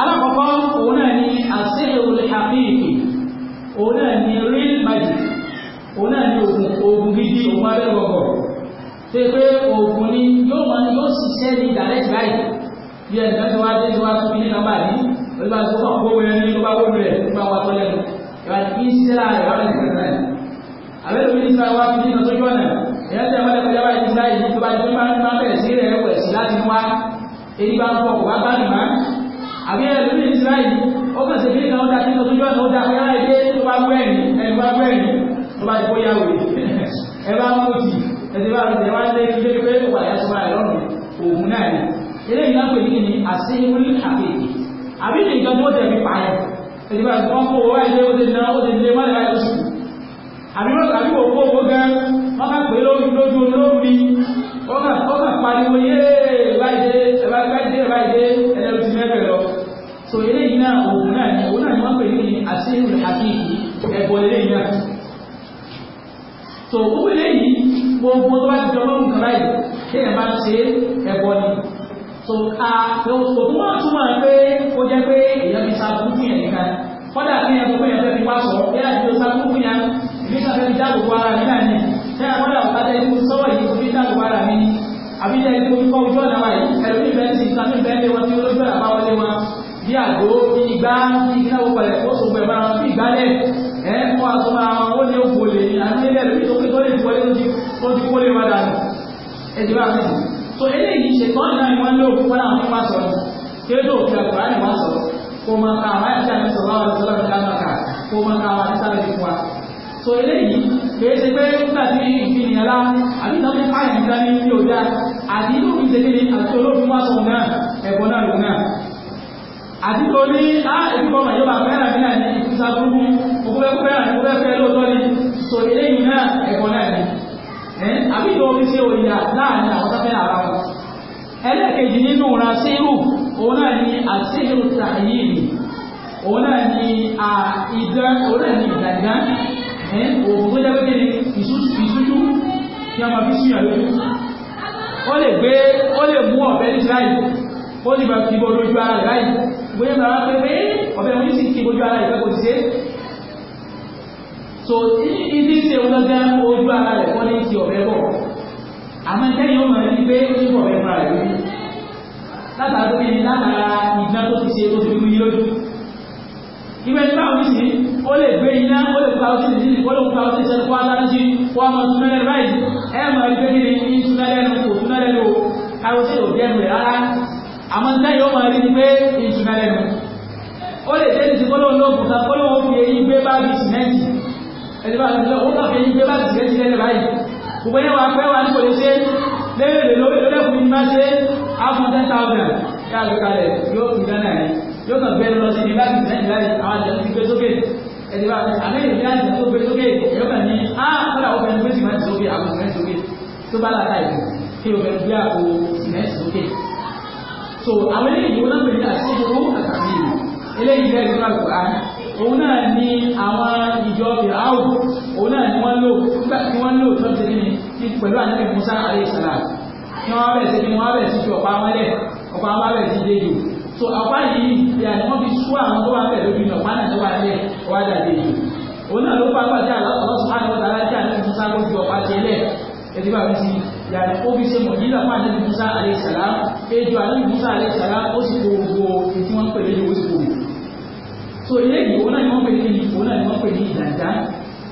alákọ̀ọ́kọ́ òun náà ni àṣẹ́yẹ̀wò àfihàn òun náà ni real magic òun náà ni oògùn oògùn gidi oògùn abẹ́rẹ́gbọ̀gbọ̀ tó yẹ pé oògùn ni yóò máa yóò ṣiṣẹ́ ní direct báyìí bí ẹnìkan ti wá dé ti wá tún ní nọ́mbà yìí olùbá tó kàn kó wẹrẹ ní olùbá wọlé rẹ nípa wa tó lẹ́nu ìwà ní ìṣẹ̀lẹ̀ rẹ wà lẹ́nu kẹta yìí àbẹ̀rẹ̀ mi ní sọ wá fi ní ọjọ́ náà èyàn tẹ̀ wọ́n lẹ́kọ̀ọ́ yàrá ìdílá yìí tó bá tó bá ń bẹ̀rẹ̀ sí rẹ̀ wẹ̀ sí láti wá èyí bá ń pọ̀ kó wá bá nì máa àbí ẹ̀rọ mi ní ìṣẹ̀lẹ̀ yìí ó kàn sí bí kan ó da kí ọjọ́ náà ó da pé yàrá ìdílé tó bá wẹ̀rì ẹni bá wẹ̀rì tó bá kó yàwó ẹ bá ń mú ti ẹ̀sẹ̀ bá rẹ̀ wá lé ilé pé wà yà sọ́ra ẹ̀rọ mi òògùn náà ni eléyìí náà pè ní àpèjì àbí ní nǹkan tí wọ́n tẹ̀ fi pààyàn ẹ̀dí bá wọ́n kó owó ẹ̀lẹ́ ó ti ná ó ti lé má lè láti sùn àbí wọ́n tàbí wọ́n kó owó gan wọ́n bá pè lórí lójú olómi wọ́n kà wọ́n kà pariwo yé ẹ̀báyé ẹ̀báyé ẹ̀báyé ẹ̀lẹ́ ó ti mẹ́fẹ̀ lọ so eléyìí náà òun náà ni òun náà ni wọ́n pè ní àṣírí àkíyèsí ẹ̀bọ̀ eléyìí náà so gbogbo eléyìí gbogbo tó bá ti jọ lóhùn kan báyìí kéèyàn bá ń ṣe ẹ̀bọ̀ ni so ká òkú máa túmọ̀ pé ó jẹ́ pé èèyàn fi sábú fún yẹn nìkan kọ́dà kí ẹ gbogbo yẹn fẹ́ fi wá sọ̀rọ̀ bí àti ó sábú fún yẹn ìbí sáfẹ́ fi dáàbò bo ara mi náà ni ṣé àkọ́dà òkú adé ní sọ́wọ́ yìí kò fi dáàbò bo ara mi ni àbí jẹ́ ní omi kọ́ ojú ọ̀nà wa yìí ẹlòmí bẹ́ẹ̀ ti ìsàmì bẹ́ẹ̀ lé wọn tí olójú ọ̀nà bá wọlé wọn bí àgbo bí igbá bí igbá wo pẹ̀lẹ́ kó so pẹ̀lú àwọn bí ìgbálẹ̀ ẹ̀ kó aṣọ máa wọn ó lé òkú olè ní àti ilé ẹlòmí tó lè wọlé ó ti kó lè wọn dànù ẹ̀ ti bá mi sùn so eléyìí ṣètọ́ ìlànà ìwọ́n ló fún àwọn nípa sọ̀rọ̀ kí ló fi àkùrá nípa sọ̀rọ̀ kó máa ka àwọn àti àti sọ̀rọ̀ àwọn ìṣẹ̀lẹ̀ ìṣẹ̀lẹ̀ àmàkà kó máa ka àwọn àti sọ̀rọ̀ ìfún wa so eléyìí kìí ṣe pé nígbà tí ìfihàn lá àbí ìtàn nípa ìdá ní ilé ọjà àti inú mi ṣèlè àti olóògùn wá sọ̀rọ̀ náà ẹ̀gbọ́n náà lòun náà àti tó ní á ìdúgbò ọmọ ìjọba fẹ́ràn ní àti ìfúnṣà burúkú òkú so eléyìí náà ẹ̀gbọ́n àbí ìlú omi sí òyìnbá láàrin àwọn tọ́fẹ́ ara wọn ẹlẹ́ẹ̀kejì nínú ra sírù òun náà ni àṣírù tàyíìlì òun náà ni ìdán òun náà ni ìdàgbà òun tó jẹ́ pé ìṣújú kí a máa fi sí ìyàwó ó lè gbé ó lè mú ọ̀bẹ ní síláì ó lè máa fi bọ́ lójú ara rẹ̀ láì bóyá máa pé pé ọ̀bẹ wọn sì kí bójú ara rẹ̀ pẹ́ kò sí so ìdí ṣe gángan ojú ara rẹ̀ wọ́n ní ti ọ̀bẹ bọ̀ àmọ́ ìtẹ́yìn ó máa ní pé ó ní ọ̀bẹ fúnra rẹ̀ lórí látara tó kéde látara ìdá tó ti ṣe tó ti mú yí lójú ìwé ní báwo nìyí ó lè gbé iná ó lè gba ọtí nìyí ó lè gba ọtí sẹ́nu kó alára sí kó a máa túnmọ́ lẹ́nu báyìí ẹ máa rí pé kí ni túnmọ́ lẹ́nu kò túnmọ́ lẹ́nu káwọ́sí ò jẹ́ rẹ̀ rárá àmọ́ ìtẹ́yìn ó máa rí ni pé ìtúnmọ́ lẹ́nu ó lè dé ti kólóhùn lóògùn kan kólóhùn ó fi eyín gbé báàgì sìmẹ́ǹtì ẹni bá lọ́wọ́ ó láfi yí pé bá ti ṣe ti lẹ́lẹ̀ báyìí gbogbo yẹn wà pẹ́ wà ní kò lè ṣe lérèlè lórí lọ́lẹ́kùn thousand yá ló kalẹ̀ yóò fi gánà ẹ̀ yóò kàn gbé lọ sí ní bá ti ṣe ní báyìí àwọn àjọ ti gbé sókè ẹni bá àlẹ́ ìgbé àjọ tó gbé sókè yóò kàn ní á kọ́lá ó fẹ́ẹ́ gbé sí máa so àwọn eléyìí wọn náà pè ní àṣìṣe owó àtàkì eléyìí bẹ́ẹ̀ nínú àgbà òun náà ni àwọn ìjọ ìráwù òun náà ni wọ́n lò nígbà tí wọ́n lò tó ti ní ti pẹ̀lú àníkẹ́ musa alayhi salam ni wọ́n bẹ̀rẹ̀ sí ni wọ́n bẹ̀rẹ̀ sí fi ọ̀pá wọn lẹ̀ ọ̀pá wọn bẹ̀rẹ̀ sí dé jù so ọ̀pá yìí ti àní wọ́n fi sú àwọn tó wà bẹ̀rẹ̀ lójú ọ̀pá náà tó wà lẹ̀ wá dà dé jù òun náà ló pa pàtẹ́ àlọ́ yàrá ó fi ṣe mọ̀jílá fún àdébí musa alayhi salam ejò àdébí musa alayhi salam ó sì gbogbo ìtí wọ́n pẹ̀lú ìwé so eléyìí òun náà ni wọ́n pè ní òun náà ni wọ́n pè ní ìdàdá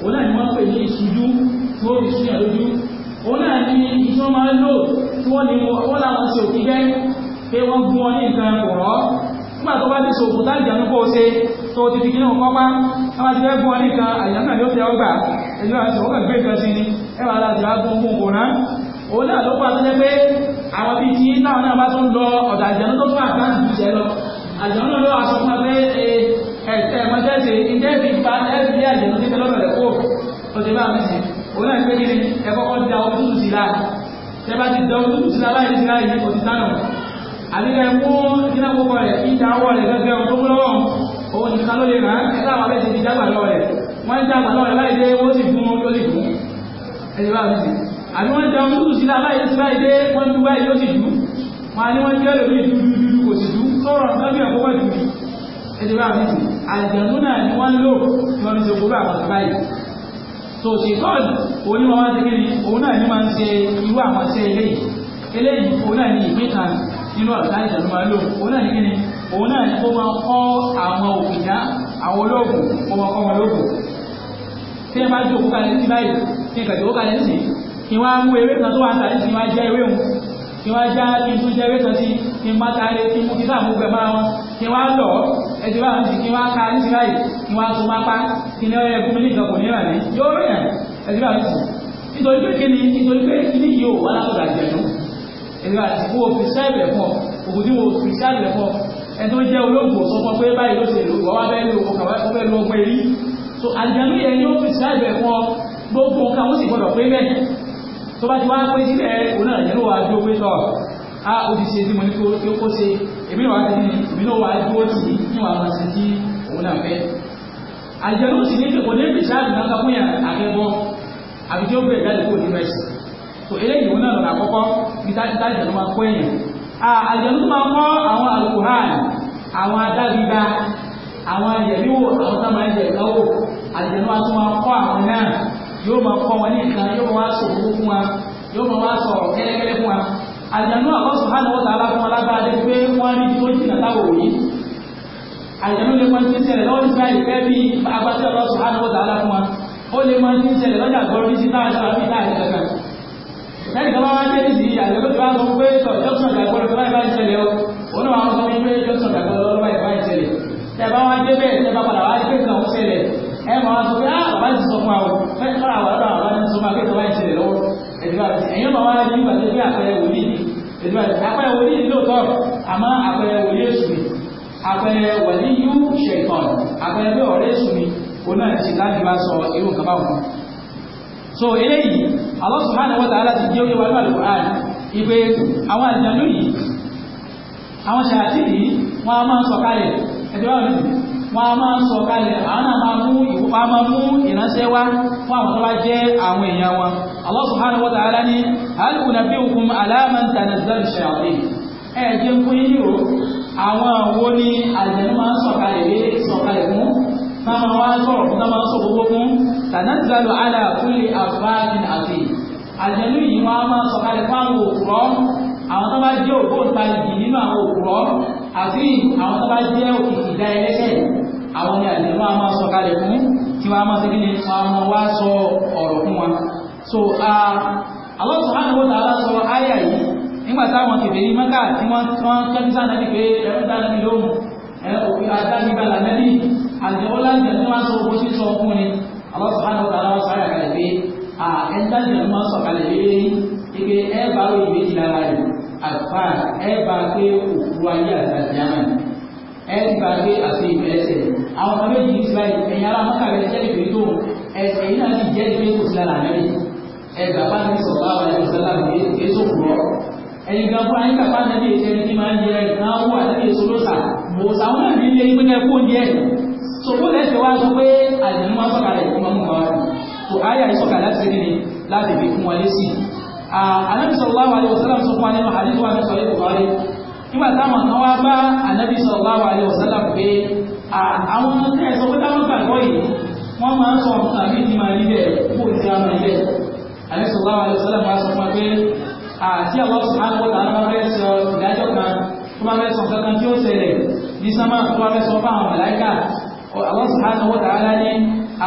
òun náà ni wọ́n pè ní ìṣújú tí ó fi ṣúyàn lójú òun náà ni iṣẹ́ máa ń lò tí wọ́n ní wọ́n láwọn ṣe òfin jẹ́ pé wọ́n gún ọ ní nǹkan ọ̀rọ̀ nígbà tó bá ti so òkúta ìjànú kó o ṣe tó ti fi kí náà kọ́pá káwá ti fẹ́ gún ọ ní nǹkan àyànká ni ó fi ọgbà ẹjọ́ àti ọgbà gbé nǹkan sí ni ẹ wà láti wá gún gún òkúra òun náà ló pàṣẹ jẹ́ pé àwọn bíi ti táwọn náà bá tún lọ ọ̀dà ìjànú tó tún àkáǹtì ìṣẹ́ lọ àjọ náà ló aṣọ fún wa pé eh, ẹ̀ẹ̀mọ́sẹ́sẹ̀ ìjẹ́bi bá ẹ̀ẹ́sì bí àjẹ́ lóṣèlú lọ́dọ̀ rẹ̀ kó o ṣe bá mi sí òun náà pé kíni ẹ kọ́kọ́ da ojútùú sí la ṣe bá ti da ojútùú sí la báyìí sí la yìí kò ti sánà àbí ẹ mú iná kókó rẹ̀ ìjà ọwọ́ rẹ̀ gẹ́gẹ́ ọdún lọ́wọ́ òun nìkan ló lè rà ẹ láwọn abẹ́sẹ̀ ti dàgbà lọ rẹ̀ wọ́n ń dàgbà lọ rẹ̀ láì dé wọ́n sì fún yóò sì fún ẹ ṣe bá mi sí àbí wọ́n da ojútùú sí la báyìí sí láì dé wọn ẹ̀dẹ̀ bá mi tì àjẹ̀nú náà ni wọ́n ń lò ní wọ́n fi ṣe gbogbo àwọn ọ̀gá yìí tó ti kọ́ọ̀lù òun ni wọ́n wá ṣe kíni òun náà ni máa ń ṣe irú àwọn ṣe eléyìí eléyìí òun náà ni ìpín kan nínú ọ̀gá àjẹ̀nú máa lò òun náà ni kíni òun náà ni kó máa kọ́ àwọn òkùnjá àwọn olóògùn kó máa kọ́ wọn lóògùn tí ẹ bá jókòó kalẹ̀ sí báyìí tí ẹ kàjókòó kalẹ̀ sí kí wọ́n á mú ewé kan tó wà ń tà kí wọ́n já kí n tún jẹ́ wékan sí kí n má ta lé kí n mú kí sáà mú gbẹ máa wọn kí wọ́n á lọ ẹ ti bá wọn sí kí wọ́n á ka ní ti báyìí kí wọ́n á tún máa pa kí ní ọ̀rẹ́ ẹ̀kú mi ní ìgbàgbọ́ ní ìrànlẹ́ yóò rìn ẹ̀ ẹ ti bá wọn sí nítorí pé kíni nítorí pé kíni yóò wà látọ̀dọ̀ àjẹ̀nú ẹ ti bá wọn sí kó o fi sẹ́ẹ̀lẹ̀ fún ọ òkú tí mo fi sẹ́ẹ̀lẹ̀ fún ọ ẹ tó jẹ́ olóògùn sọ fún ọ pé báyìí ló ṣe lò wọ́n wá bẹ́ẹ̀ lò ọkọ̀ gbogbo nǹkan ó sì gbọdọ̀ pé bẹ́ẹ̀ tó bá ti wá pé sílẹ̀ òun náà yẹn ló wà dúró pé tọ̀ á ah, ó ti ṣe bí mo ní kó kó ṣe èmi náà wà á ti ní èmi náà wà á dúró tì í kí wàá máa ṣe tí òun náà fẹ́. àjẹrú sì ní kò ní bìtì láti náà fún yàn àfẹ́bọ́ àbí tí ó bẹ̀rẹ̀ jáde kó nínú ẹ̀sìn. tó eléyìí òun náà lọ́nà àkọ́kọ́ bí tájútá ìjẹ̀lú máa kọ́ èèyàn. àjẹrú máa kọ́ àwọn alukuran àwọn adágbígba àwọn ayẹ̀míwò àwọn náà yóò máa kọ́ wọn ní nǹkan yóò máa wá sòkòwò fún wa yóò máa wá sọ̀rọ̀ kẹ́lẹ́kẹ́lẹ́ fún wa àjànú Allah subhanahu wa ta'ala fún wa lágbára dé pé wọ́n rí tó jìnà táwọn òní àjànú lè máa ti ń ṣẹlẹ̀ lọ́wọ́ nígbà ìfẹ́ bí agbájá Allah subhanahu wa ta'ala fún wa ó lè máa ti ń ṣẹlẹ̀ lọ́jà gbọ́rọ̀ ní ti táwọn ìṣàlọ́ bí táà ìṣẹ̀lẹ̀ lẹ́yìn tó bá wá dé nídìí àjànú tó bá sọ pé sọ o òun náà wọ́n sọ pé jọ́sùn àjàgbọ́rọ̀ tó bá ìbá ìṣẹ̀lẹ̀ tẹ bá wá dé láti sọ fún àwọn fẹ́ẹ́ fọ́ra àwọn ọ̀dọ́ àwọn láti sọ fún akéwà báyìí ṣẹlẹ̀ lọ́wọ́ ẹ̀dùnmá ti ẹ̀yìn bàbá rẹ̀ nígbà tó gbé àpẹẹrẹ wòlíì ni ẹ̀dùnmá ti àpẹẹrẹ wòlíì ni lóòótọ́ àmọ́ àpẹẹrẹ wòlíì èṣù ni àpẹẹrẹ wòlíì yú ṣẹ̀tàn àpẹẹrẹ bí ọ̀rẹ́ èṣù ni òun náà ti láti máa sọ irú nǹkan báwọn fún so eléyìí Allah subhanahu wa ta'ala ti jẹ́ òyìnbó alúbàlù wọn a máa sọ kalẹ̀ àwọn náà máa mú ìfúnpá máa mú ìránṣẹ́ wá fún àwọn tó bá jẹ́ àwọn èèyàn wọn Allah subhanahu wa ta'ala ní hal unabbi'ukum ala man tanazzalu shayatin ẹ̀ jẹ́ fún yín rò àwọn wo ni àjẹ́nu máa ń sọ kalẹ̀ lé sọ kalẹ̀ fún táwọn wá sọ̀rọ̀ fún táwọn sọ gbogbo yìí wọ́n a máa sọ kalẹ̀ fún àwọn tó bá jẹ́ òkúrọ́ àti àwọn tó bá jẹ́ ìdá ẹlẹ́sẹ̀ àwọn ni àlè wọn a máa sọ kalẹ̀ fún tí wọn a máa segin ní wọn a máa wá sọ ọ̀rọ̀ fún wọn. so Allah subhanahu wa ta'ala sọ àyà yìí nígbà táwọn kèfèé ní Mẹ́kà tí wọ́n kẹ́ni sáà nàbí pé ẹ̀rọ dáná ní lóhùn òfin adágbígbà lànàbí àjẹwọ́lájẹ ní wọ́n sọ owó sí sọ fún ni Allah subhanahu wa ta'ala sọ àyà kalẹ̀ pé ẹ̀ńdájẹ ní wọ́n sọ kalẹ̀ lé àfáà ẹ bá pé òfurufú ayé àtàkìyàmà ẹ ti bá pé àti ìfẹsẹ̀ àwọn ọmọ méjì ní síláì ẹ̀yìn ara mọ́ta rẹ̀ jẹ́ ìfẹ́ tó ẹsẹ̀ yìí náà ti jẹ́ ìfẹ́ kò sí lára mẹ́rin ẹ bàbá mi sọ̀rọ̀ àwọn ẹ̀yìn sọ́lá mi kì í sòkùrọ̀ ẹ̀yìn gan fún ayé bàbá náà ní ìṣẹ́ ní máa ń jẹ náà wà láti èso lóṣà mò sàwọn náà ní ilé ìpínlẹ̀ anabi ah, sallallahu alayhi wa sallam sọ fún wa nínú hadith wa ní sọ yìí buhari nígbà táwọn kan wá bá anabi sallallahu alayhi wa sallam pé ah, àwọn ọmọ tẹ́ ẹ sọ pé táwọn gbàgbọ́ yìí wọ́n máa ń sọ nǹkan bí ti máa níbẹ̀ kó ti ra níbẹ̀ anabi sallallahu alayhi wa sallam sọ fún wa pé àti àwọn sùnmọ́n wọ́n tàn án fẹ́ sọ ìdájọ́ kan tó máa fẹ́ sọ kankan tí ó ṣẹlẹ̀ ní sámà tó máa fẹ́ sọ fún àwọn màláìkà àwọn sùnmọ́n wọ́n tàn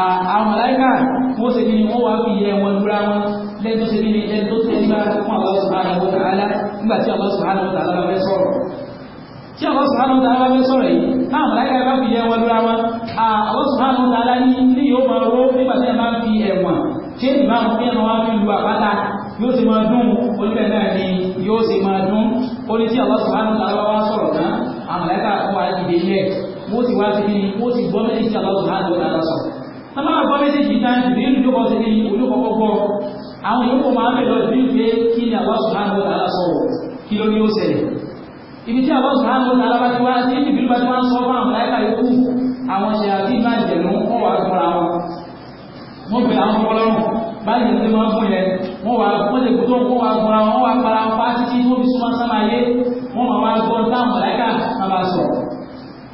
àwọn màláíkà wọ́n ṣe kí ni wọ́n wá fi yẹ wọn dúra wọn lẹ́yìn tó ṣe kí ni tó tẹ́ nígbà fún Allah subhanahu wa ta'ala nígbà tí Allah subhanahu wa ta'ala bá fẹ́ sọ̀rọ̀ tí Allah subhanahu wa ta'ala bá fẹ́ sọ̀rọ̀ yìí táwọn màláíkà bá fi Allah subhanahu wa ta'ala ní ilé yóò máa ró nígbà tí ẹ bá fi ẹ̀wọ̀n ṣé ìbámu bí ẹnu wá fi ni yóò ṣe máa Allah subhanahu wa ta'ala wá sọ̀rọ̀ tán àwọn màláíkà fún wa dìde ilẹ̀ wọ́n ti wá sí kí wọ́n ti gbọ́ tí Allah subhanahu wa ta'ala sọ̀rọ̀ sábà gbọ́ méjèèjì tán ìrìn ìlú kọ́ sí ní olùkọ́kọ́ gbọ́ àwọn yòókù máa ń bẹ̀ lọ sí pé kí ni àwọn sùnmọ́ àwọn ará sọ̀rọ̀ kí ló ní ó ṣẹlẹ̀ ibi tí àwọn sùnmọ́ àwọn ará bá ti wá sí ìbílú bá ti wá ń sọ fún àwọn láìka yòókù àwọn ṣe àti máa jẹ̀nu wọ́n wà fúnra wọn wọ́n pè àwọn ọlọ́run báyìí ní wọ́n fún yẹn wọ́n wà wọ́n lè kó tó wọ́n wà fúnra wọn wọ́n wà para wọn pa títí wọ́n fi súnmọ́ sámáyé wọ́n máa wá gbọ́ táwọn láìka ìtọ́wọ́ wá sọ fún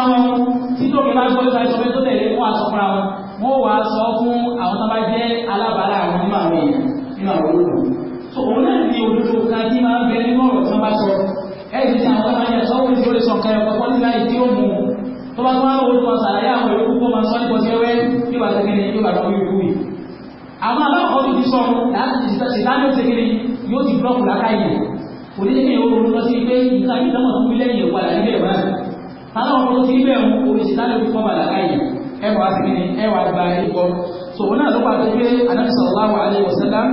àwọn tí tó kí bá gbọ́ ìgbà ìṣọ́fẹ́ tó tẹ̀lé wọ́n sọ fún àwọn wọ́n wá sọ fún àwọn tó bá jẹ́ alábàárà àwọn nínú àwọn èèyàn nínú àwọn olóògùn tó òun náà ní olóògùn kan tí máa ń bẹ nínú ọ̀rọ̀ tí wọ́n bá sọ ẹ̀sì tí àwọn bá yẹ sọ́wọ́ ní orí sọ̀kan ẹ̀kọ́ pọ́ nílá ìdí òmù tó bá tó wá wọ́n tó sàlàyé àwọn ìlú kó máa sọ ní pọ̀ sẹ́wẹ́ yóò bá tẹ́kẹ́ yóò bá tọ́wọ́ ìlú yìí àwọn aláwọ̀ tàbí àwọn olóòtú ibẹ̀ ń oríṣi lálẹ́ fi fọ́ bàlágà yìí ẹwà àtìkìní ẹwà gba ẹgbọ́ so wọn náà ló pa pé Ànábì sallallahu alaihi wasallam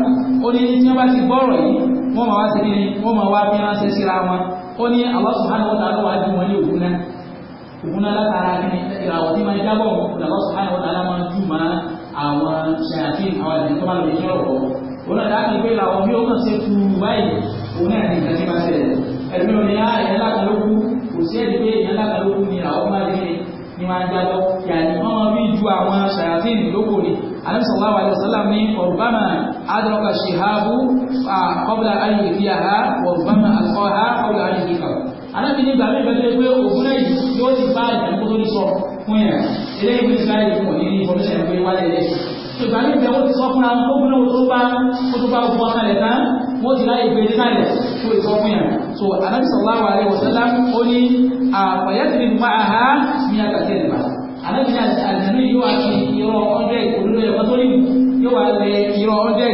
ó ní tí wọ́n bá ti gbọ́rọ̀ yìí wọ́n máa wá sí ní wọ́n máa wá bí ránṣẹ́ síra wọn ó ní Allah subhanahu wa ta'ala wà á dùn wọn ní òkú náà òkú náà látara ní ìràwọ̀ tí máa jábọ̀ Allah subhanahu wa kò sí ẹni pé èèyàn lágbàlókù ni àwọn máa lè ní wọn adájọ́ yàní wọn rí ju àwọn ṣàyàtìn lóko ni alẹ́sọ̀lá wa alẹ́sọ̀lá ní ọ̀rùbámà adọ́ka ṣìhábù kọ́bùlà ayé ìfìyàhá ọ̀rùbámà àkọ́há kọ́bùlà ayé ìfìyàhá alábìíní ìgbà mi bẹ́ẹ̀ pé òkúrẹ́ yìí yóò ti bá ìdàgbò tó ní sọ fún yẹn eléyìí fún ìgbà yìí ní ìfọ̀mẹ́sẹ̀ pé wálé ẹlẹ́sìn ìgbà mi bẹ́ẹ̀ ti sọ fúnra ó gbúná kó lè sọ fún yàn so anabi sallallahu alayhi wa sallam ó ní àfàyàtìrì máa ha ní àtàkẹ́ ìgbà anabi ní àjànú yìí wà sí irọ́ ọdẹ olórí ẹ̀kọ́ tó ní yóò wà lẹ irọ́ ọdẹ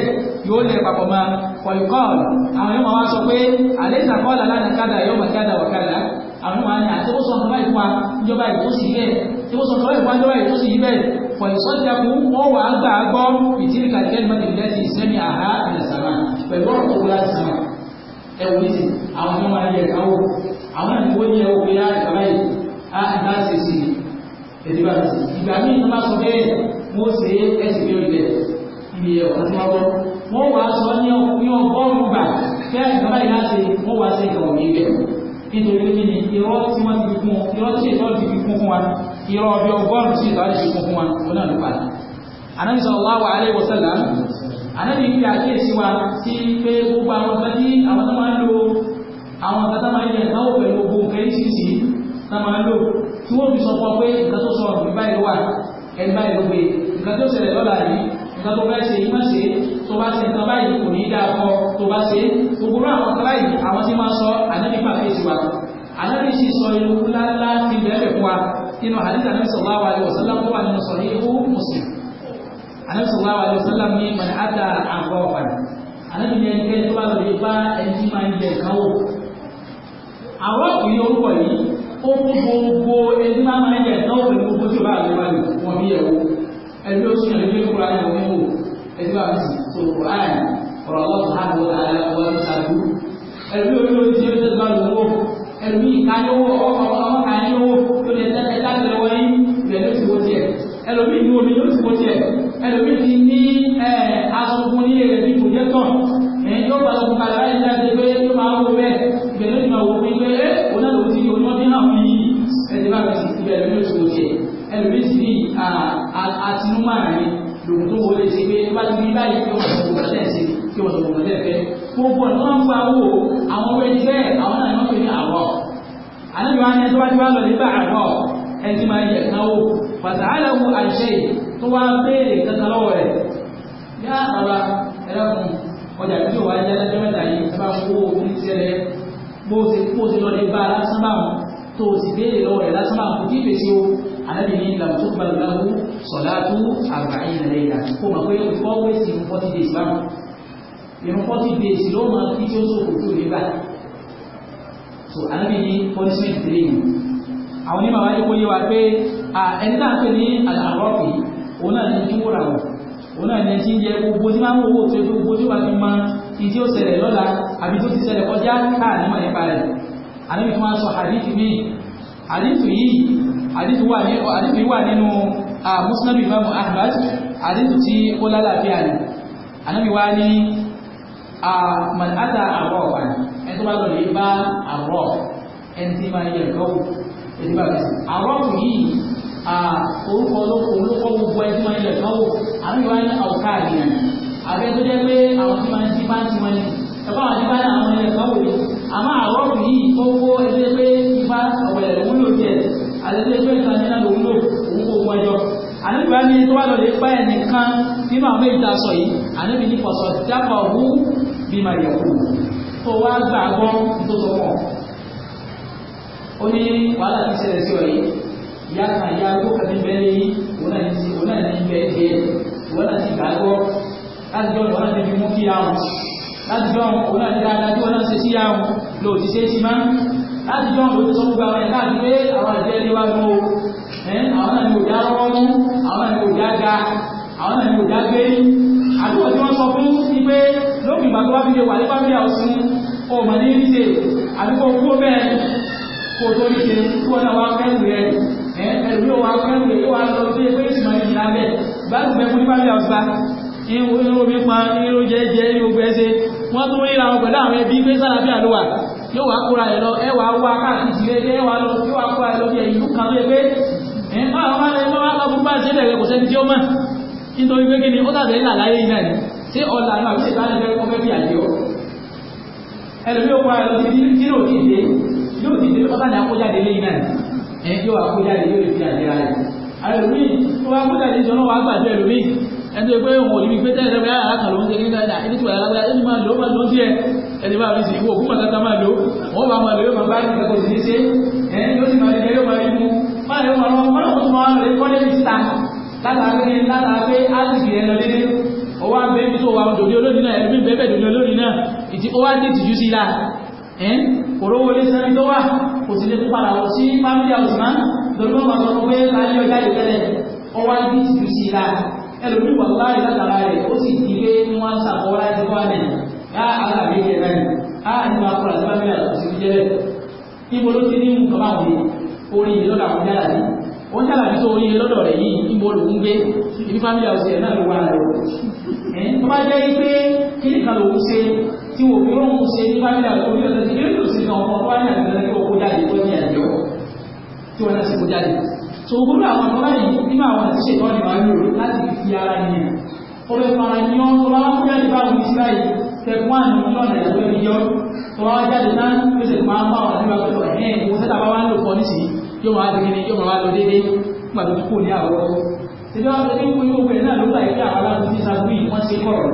yóò lẹ papọ̀ ma pọ̀lùkọ́ àwọn yóò máa wá sọ pé àlẹ́ ìsàkọ́ọ̀lá lánàá kádà yóò máa kádà wà kádà àwọn máa ní àtẹ́wọ́sọ ọ̀nà báyìí wá ìjọba ètò sí ibẹ̀ tẹ́wọ́sọ ọ̀nà báyìí wá ìjọba ètò sí ibẹ̀ fọ̀lìsọ́jàkú wọ́n wà á gbà á gbọ́ ìtìrìkà ìkẹ́lùmọ́tì lẹ́sìn sẹ́mi àhá ìlẹ̀sàmà pẹ̀lú ọ̀rọ̀ tó wúlá ti sàmà ẹ wò ní àwọn tó máa yẹ káwọ àwọn ìwé ní ẹwọ pé láti ah, bàbá yìí á ah, bá ṣe sí i èdè bá ṣe ìgbà míì tó bá sọ bẹ́ẹ̀ mo ṣe é ẹsẹ̀ bí olùdẹ ibi ẹ̀wọ̀ tó máa wọ́ wọ́n wàá sọ ní ọgọ́rùn-ún gbà fẹ́ ah, bàbá yìí láti wọ́n wàá ṣe ìkàwọ̀ mi bẹ̀ nítorí pé ní irọ́ tí wọ́n ti fi kún irọ́ tí ìtọ́ ti fi kún fún wa irọ́ ọbẹ̀ ọgọ́rùn-ún sí ìtọ́ ti fi kún fún wa ó ló pa. Ànábì sallallahu alaihi wasallam àlẹ́bí ń fi àkíyèsí wa sí pé gbogbo àwọn kan tí àwọn tó máa ń lo àwọn kan tó máa ń yẹ ìdánwò pẹ̀lú gbogbo nǹkan ìṣìṣì tó máa ń lò tí wọ́n fi sọ fún ọ pé nǹkan tó sọ ọ̀gbìn báyìí wà ẹni báyìí ló gbé nǹkan tó ṣẹlẹ̀ lọ́la yìí nǹkan tó fẹ́ ṣe yìí má ṣe tó bá ṣe nǹkan báyìí kò ní í dáa fọ tó bá ṣe gbogbo àwọn kan báyìí àwọn tí máa sọ anabi sallallahu alayhi wa sallam ní mọ̀nà àtà àgọ́ ọ̀fà anabi ní ẹni kẹ́ni tó bá lòdì bá ẹni tí máa ń jẹ nǹkan wò. àwọn ọkùnrin orúkọ yìí ó kó gbogbo ẹni máa máa ń jẹ nǹkan wò pẹ̀lú gbogbo tí o bá lè wà lè wọ́n bí yẹ̀wò ẹni ó sùn ẹni tó kúrò ayé wọn wò ẹni bá fi so Quran ọ̀rọ̀ ọlọ́sùn á lọ àyà wọn ṣàdúró ẹni ó lóyún tí ó tẹ̀síwájú wò ẹni ìkáyọ̀wọ̀ ọ̀rọ̀ bó ṣe kó ṣe lọ́dẹ bá lásán báwọn tó o sì béèrè lọ́wọ́ rẹ̀ lásán báwọn kò tí ì fèsì o àlẹ́bí ní ìlànà tó gba ìlànà sọ̀láàtú àgbáyé nàlẹ́ ìlà kó mọ̀ pé four ways in forty days báwọn ìrun forty days ló máa fi tí ó tó kò tó lè bá so àlẹ́bí ní punishment lẹ́yìn àwọn onímọ̀ wáyé kó yé wa pé ẹni náà pè ní àlàrọ́ọ̀kì òun náà ní kí wúrà wọ̀ òun náà ní ti ń jẹ gbogbo tí máa ń wò ìdí ó ṣẹlẹ̀ lọ́la àbí tó ti ṣẹlẹ̀ kọjá káànímọ̀ nípa rẹ̀ àníbi tí wọ́n sọ àdífì míì àdífì yìí àdífì wà nínú musnad imam ahmad àdífì tí ó lálàáfíà ni àníbi wá ní mọ̀nàtà àrọ̀ ọ̀pá ẹni tó bá lọ lè bá àrọ̀ ẹni tí máa yẹ ẹ̀kọ́ ẹni bá bẹ̀rẹ̀ àrọ̀ yìí orúkọ olóko olóko gbogbo ẹni tí máa àbẹ́ tó jẹ́ pé àwọn tí wọ́n ti máa ń ti wọ́n ni ẹ̀fọ́ àwọn nípa náà àwọn ẹ̀fọ́ wò ni àmọ́ àwọ̀ yìí ó kó ẹgbẹ́ pé ipa ọ̀wẹ̀ wúlò jẹ àtẹ́tẹ́ pé nǹkan ní náà wúlò òun kò wọ́n jọ àníbi wá ní tó wá lọ́lẹ̀ pa ẹ̀ nìkan nínú àwọn méjì tá a sọ yìí àníbi ní pọ̀sọ̀ dápọ̀ wú bí màyẹ̀kù tó wá gbà gbọ́ tó tó pọ̀ ó ní wàhálà ti ṣẹlẹ̀ sí ọ yìí ìyá kan ìyá tó kàdé bẹ́ẹ̀ ní òun náà ní bẹ́ẹ̀ díẹ̀ òun náà ti gbàgbọ́ láti jọ ọ̀nà ti fi mú kí àwọn láti jọ ọ̀nà ti ra adájọ́ náà ṣe sí àwọn lò ti ṣe sí láti jọ ọ̀nà sọ gbogbo àwọn ẹ̀ka àti pé àwọn àjẹ́ ilé wa mú o àwọn náà ni kò já rọ́rọ́ mú àwọn náà ni kò já ga àwọn náà ni kò já gbé àdúgbò tí wọ́n sọ fún ni pé lókùn ìgbà tó bá fi lè wà nípa bí àwòsùn ọmọ ní ìdíje àdúgbò kúrò bẹ́ẹ̀ kó o tó ní ṣe kúrò náà wá fẹ́ rẹ̀ ẹ̀rù yóò wá fẹ́ rẹ̀ yóò wá lọ sí ẹgbẹ́ ìsìnkú irun bí pa irun jẹ́jẹ́ irun gbẹ́sẹ̀ wọ́n tún ríra wọn pẹ̀lú àwọn ẹbí pé sára bí àlúwà yóò wá kóra ẹ̀ lọ ẹwà wá káàkiri ilé ẹwà lọ yóò wá kóra ẹ̀ lọ bí ìlú kan tó yẹ pé ẹ̀ máa wá lọ́wọ́ lọ́gbọ́n bá ṣe lẹ̀rẹ̀ kò sẹ́ni tí ó mọ̀ nítorí pé kí ni ó tàbí ìlà láyé iná ni ṣé ọ̀là náà ṣe bá lẹ́gbẹ́ kọ́ fẹ́ bí àjẹ́ ọ ẹlòmí òkú ayọ̀ ti di kí yóò dìde yóò dìde ọ̀tá ni akójáde lé iná ni ẹ̀ yóò akójáde yóò fi àjẹ́ rẹ̀ ẹlòmí tó akójáde sọ náà wàá gbàdúrà ẹlòmí ẹni tó pé òun ò níbi pé tẹ́lẹ̀ lọ́gbẹ́ àkàn ah, ló ń ṣe nígbà náà ẹni tí wà lágbára ẹni máa lò ó máa lò ó díẹ̀ ẹni bá mi sì ìwọ òkú màkàtà máa lò wọ́n bá máa lò yóò máa bá ẹni kẹ́kọ̀ọ́ sí ṣe ẹni yóò sì máa jẹ yóò máa rí mu máa lè wọ́n máa lọ́wọ́ máa lè kọ́lé síta látàgbé látàgbé áàtìkì ẹ̀ lọ dédé ó wá bẹ́ẹ̀ bí tó wà dòdì olóòdì náà ẹ̀mí bẹ́ẹ̀ dòdì olóòdì náà ìtì ó wá dé tìjú sí la òróró ilé sẹ́ni tó wà kò sì lè tún padà lọ sí fámílì àwòsàn lórí wọn bá sọ pé láyé ọjà ìfẹ́lẹ̀ ó wá dé tìjú sí la ẹlòmíì wà láàyè látara rẹ̀ ó sì di pé wọ́n sàkọ́ láti wá nẹ̀ á alábí yẹ náà ni á ní wàá kúrò àti bábí àtúnṣe fi jẹ́ bẹ́ẹ̀. ibo ló ti ní nǹkan máa wù orin yìí lọ́dọ̀ àwọn yàrá yìí wọ́n yàrá yìí tó orin yìí lọ́dọ̀ rẹ̀ yìí ibo ló ń gbé ibi bábí àtúnṣe náà ló wà rẹ̀ ẹ̀ tó bá jẹ́ pé kí nìkan lòún ṣe tí wò fi rọ́ọ̀mù ṣe ní bábí àtúnṣe tó gbogbo àwọn ọmọ báyìí nínú àwọn àtúnṣe tó ní wáyé rò láti fi ara ní ẹ̀ ó fẹ́ fara ní ọ́n tó bá wá fún jáde báwọn ní síláì step one nínú ọ̀nà ìyàtọ̀ ẹni yọ tó bá wá jáde náà yóò sì máa bá àwọn àdúrà pẹ̀lú ẹ̀ ẹ̀ mo sẹ́ta bá wá ń lò kọ́ nísìnyí yóò máa dùn ní yóò máa lọ déédéé nígbà tó kú ní àwọ̀ ìjọba tó ní kú yóò pẹ̀lú náà ló gbà yìí àwọn aláàbò ti sa gbìn wọ́n ṣe kọ̀rọ̀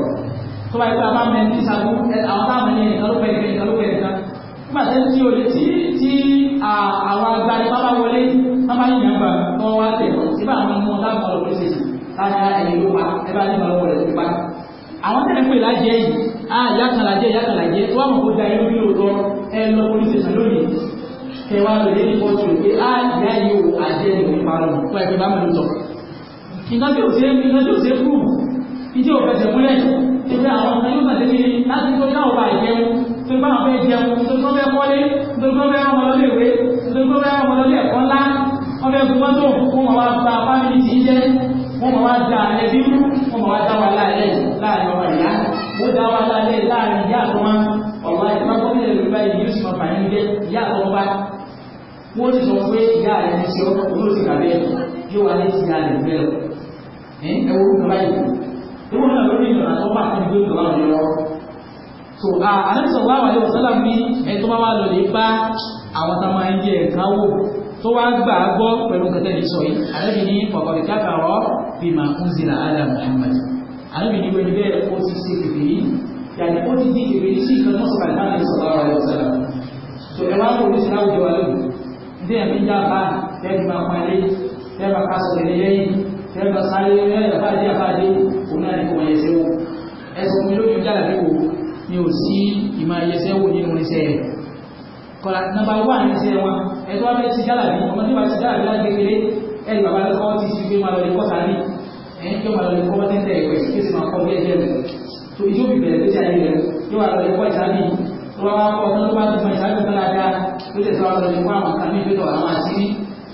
tó bá yẹ pé a bá mẹ ní sago àwọn táwọn ní ẹ̀ka ló pẹ̀ ẹ̀ka ló pẹ̀ ẹ̀ka nígbà tí ó lè tí àwọn agbára bá wọlé sábà ní ìyàgbà tó wá tẹ̀ síbà àwọn ọmọ láàbù ọ̀rọ̀ pé ṣèṣì lára ẹ̀yìn ló pa ẹ bá ní ìbáwọ̀ rẹ̀ ti pa. àwọn tẹ̀lé pé lájẹ́ yìí á yákànlájẹ́ yákànlájẹ́ tó wà mọ̀ kó da irú bí lóòótọ́ ẹ lọ polisi ṣèṣì lónìí kẹ wá lóde ní pọ́tù pé á ìyá yìí ò àjẹ́ ìròyìn parọ́ tó ẹ̀fẹ́ bá mọ̀ lóòótọ́. nǹkan tí ò ṣe nǹkan tí ò ṣe kú ìdí ò fẹsẹ̀ múlẹ̀ ṣe pé àwọn ọmọ yóò tàbí láti tó yá ọba ìjẹun tó gbọ́n àwọn ẹ̀jẹun tó gbọ́n fẹ́ kọ́lé tó gbọ́n fẹ́ ọmọ lọ́lẹ́wé tó gbọ́n fẹ́ ọmọ lọ́lẹ́ ẹ̀kọ́ ńlá wọ́n fẹ́ fún mọ́tò wọ́n máa wá gba fámìlì tí ń jẹ́ wọ́n máa wá da ẹbí mú wọ́n máa wá dá wa láàlẹ́ láàrin ọmọ ìyá wọ́n dá wa láàlẹ́ láàrin ìyá àtọ́mọ́ ọ̀wá ìgbà gómìnà yorùbá yìí yóò sì máa fàyè nílé ìyá àtọ́mọ́ bá wọ́n ti sọ pé ìyá rẹ̀ ti ṣe olóòtú kàbẹ́ yóò wá létí ìyá rẹ̀ bẹ́ẹ̀ so àlẹ́ sọ̀rọ̀ àwọn àlẹ́ wọ̀sálà mi ẹ̀ tó bá wà lọ lè bá àwọn tá a máa ń jẹ ẹ̀ka wò tó wá gbà á gbọ́ pẹ̀lú kẹtẹ́ ní sọ yìí àlẹ́bí ní fọ̀kọ̀dé káfàrọ́ bí mà ń zìlà àlà Muhammad àlẹ́bí ní wẹ́n bẹ́ẹ̀ ó ti ṣe kèfèrí yàtí ó ti di kèfèrí sí ìkan mọ́sọ̀ bàtà ní sọ̀rọ̀ ọ̀rọ̀ ọ̀sẹ̀ lọ. tó ẹ wá lórí sí láwùjọ wa lónìí ndé ẹ̀mí ń dábàá tẹ́ẹ̀dì máa pa ilé tẹ́ẹ̀bà ká sọ ilé yẹ́yìn tẹ́ẹ̀bà sáré ẹ̀yàfáàdé àfáàdé òun náà ní kò wọ́n yẹsẹ́ wò ẹ̀sùn mi lóyún ẹ̀tọ́ wá fẹ́ ti jálà bí ọmọ tí wàá ti jálà bí láti kékeré ẹ̀rì bàbá lọ́kọ́ ti ti gbé máa lọ lè kọ́ sáà ní ẹ̀yìn tó máa lọ lè kọ́ tẹ́tẹ́ ẹ̀kọ́ ìsìnkí sì máa kọ́ bí ẹ̀jẹ̀ rẹ̀ tó ijó bì bẹ̀rẹ̀ tó ti ayé rẹ̀ yóò wá lọ lè kọ́ ìsáàbì tó wá kọ́ ọdún tó bá ti mọ ìsáàbì tó lága tó tẹ̀ sọ́wọ́ lọ lè kọ́ àwọn kàmí ìgbé tọ̀ àwọn àṣírí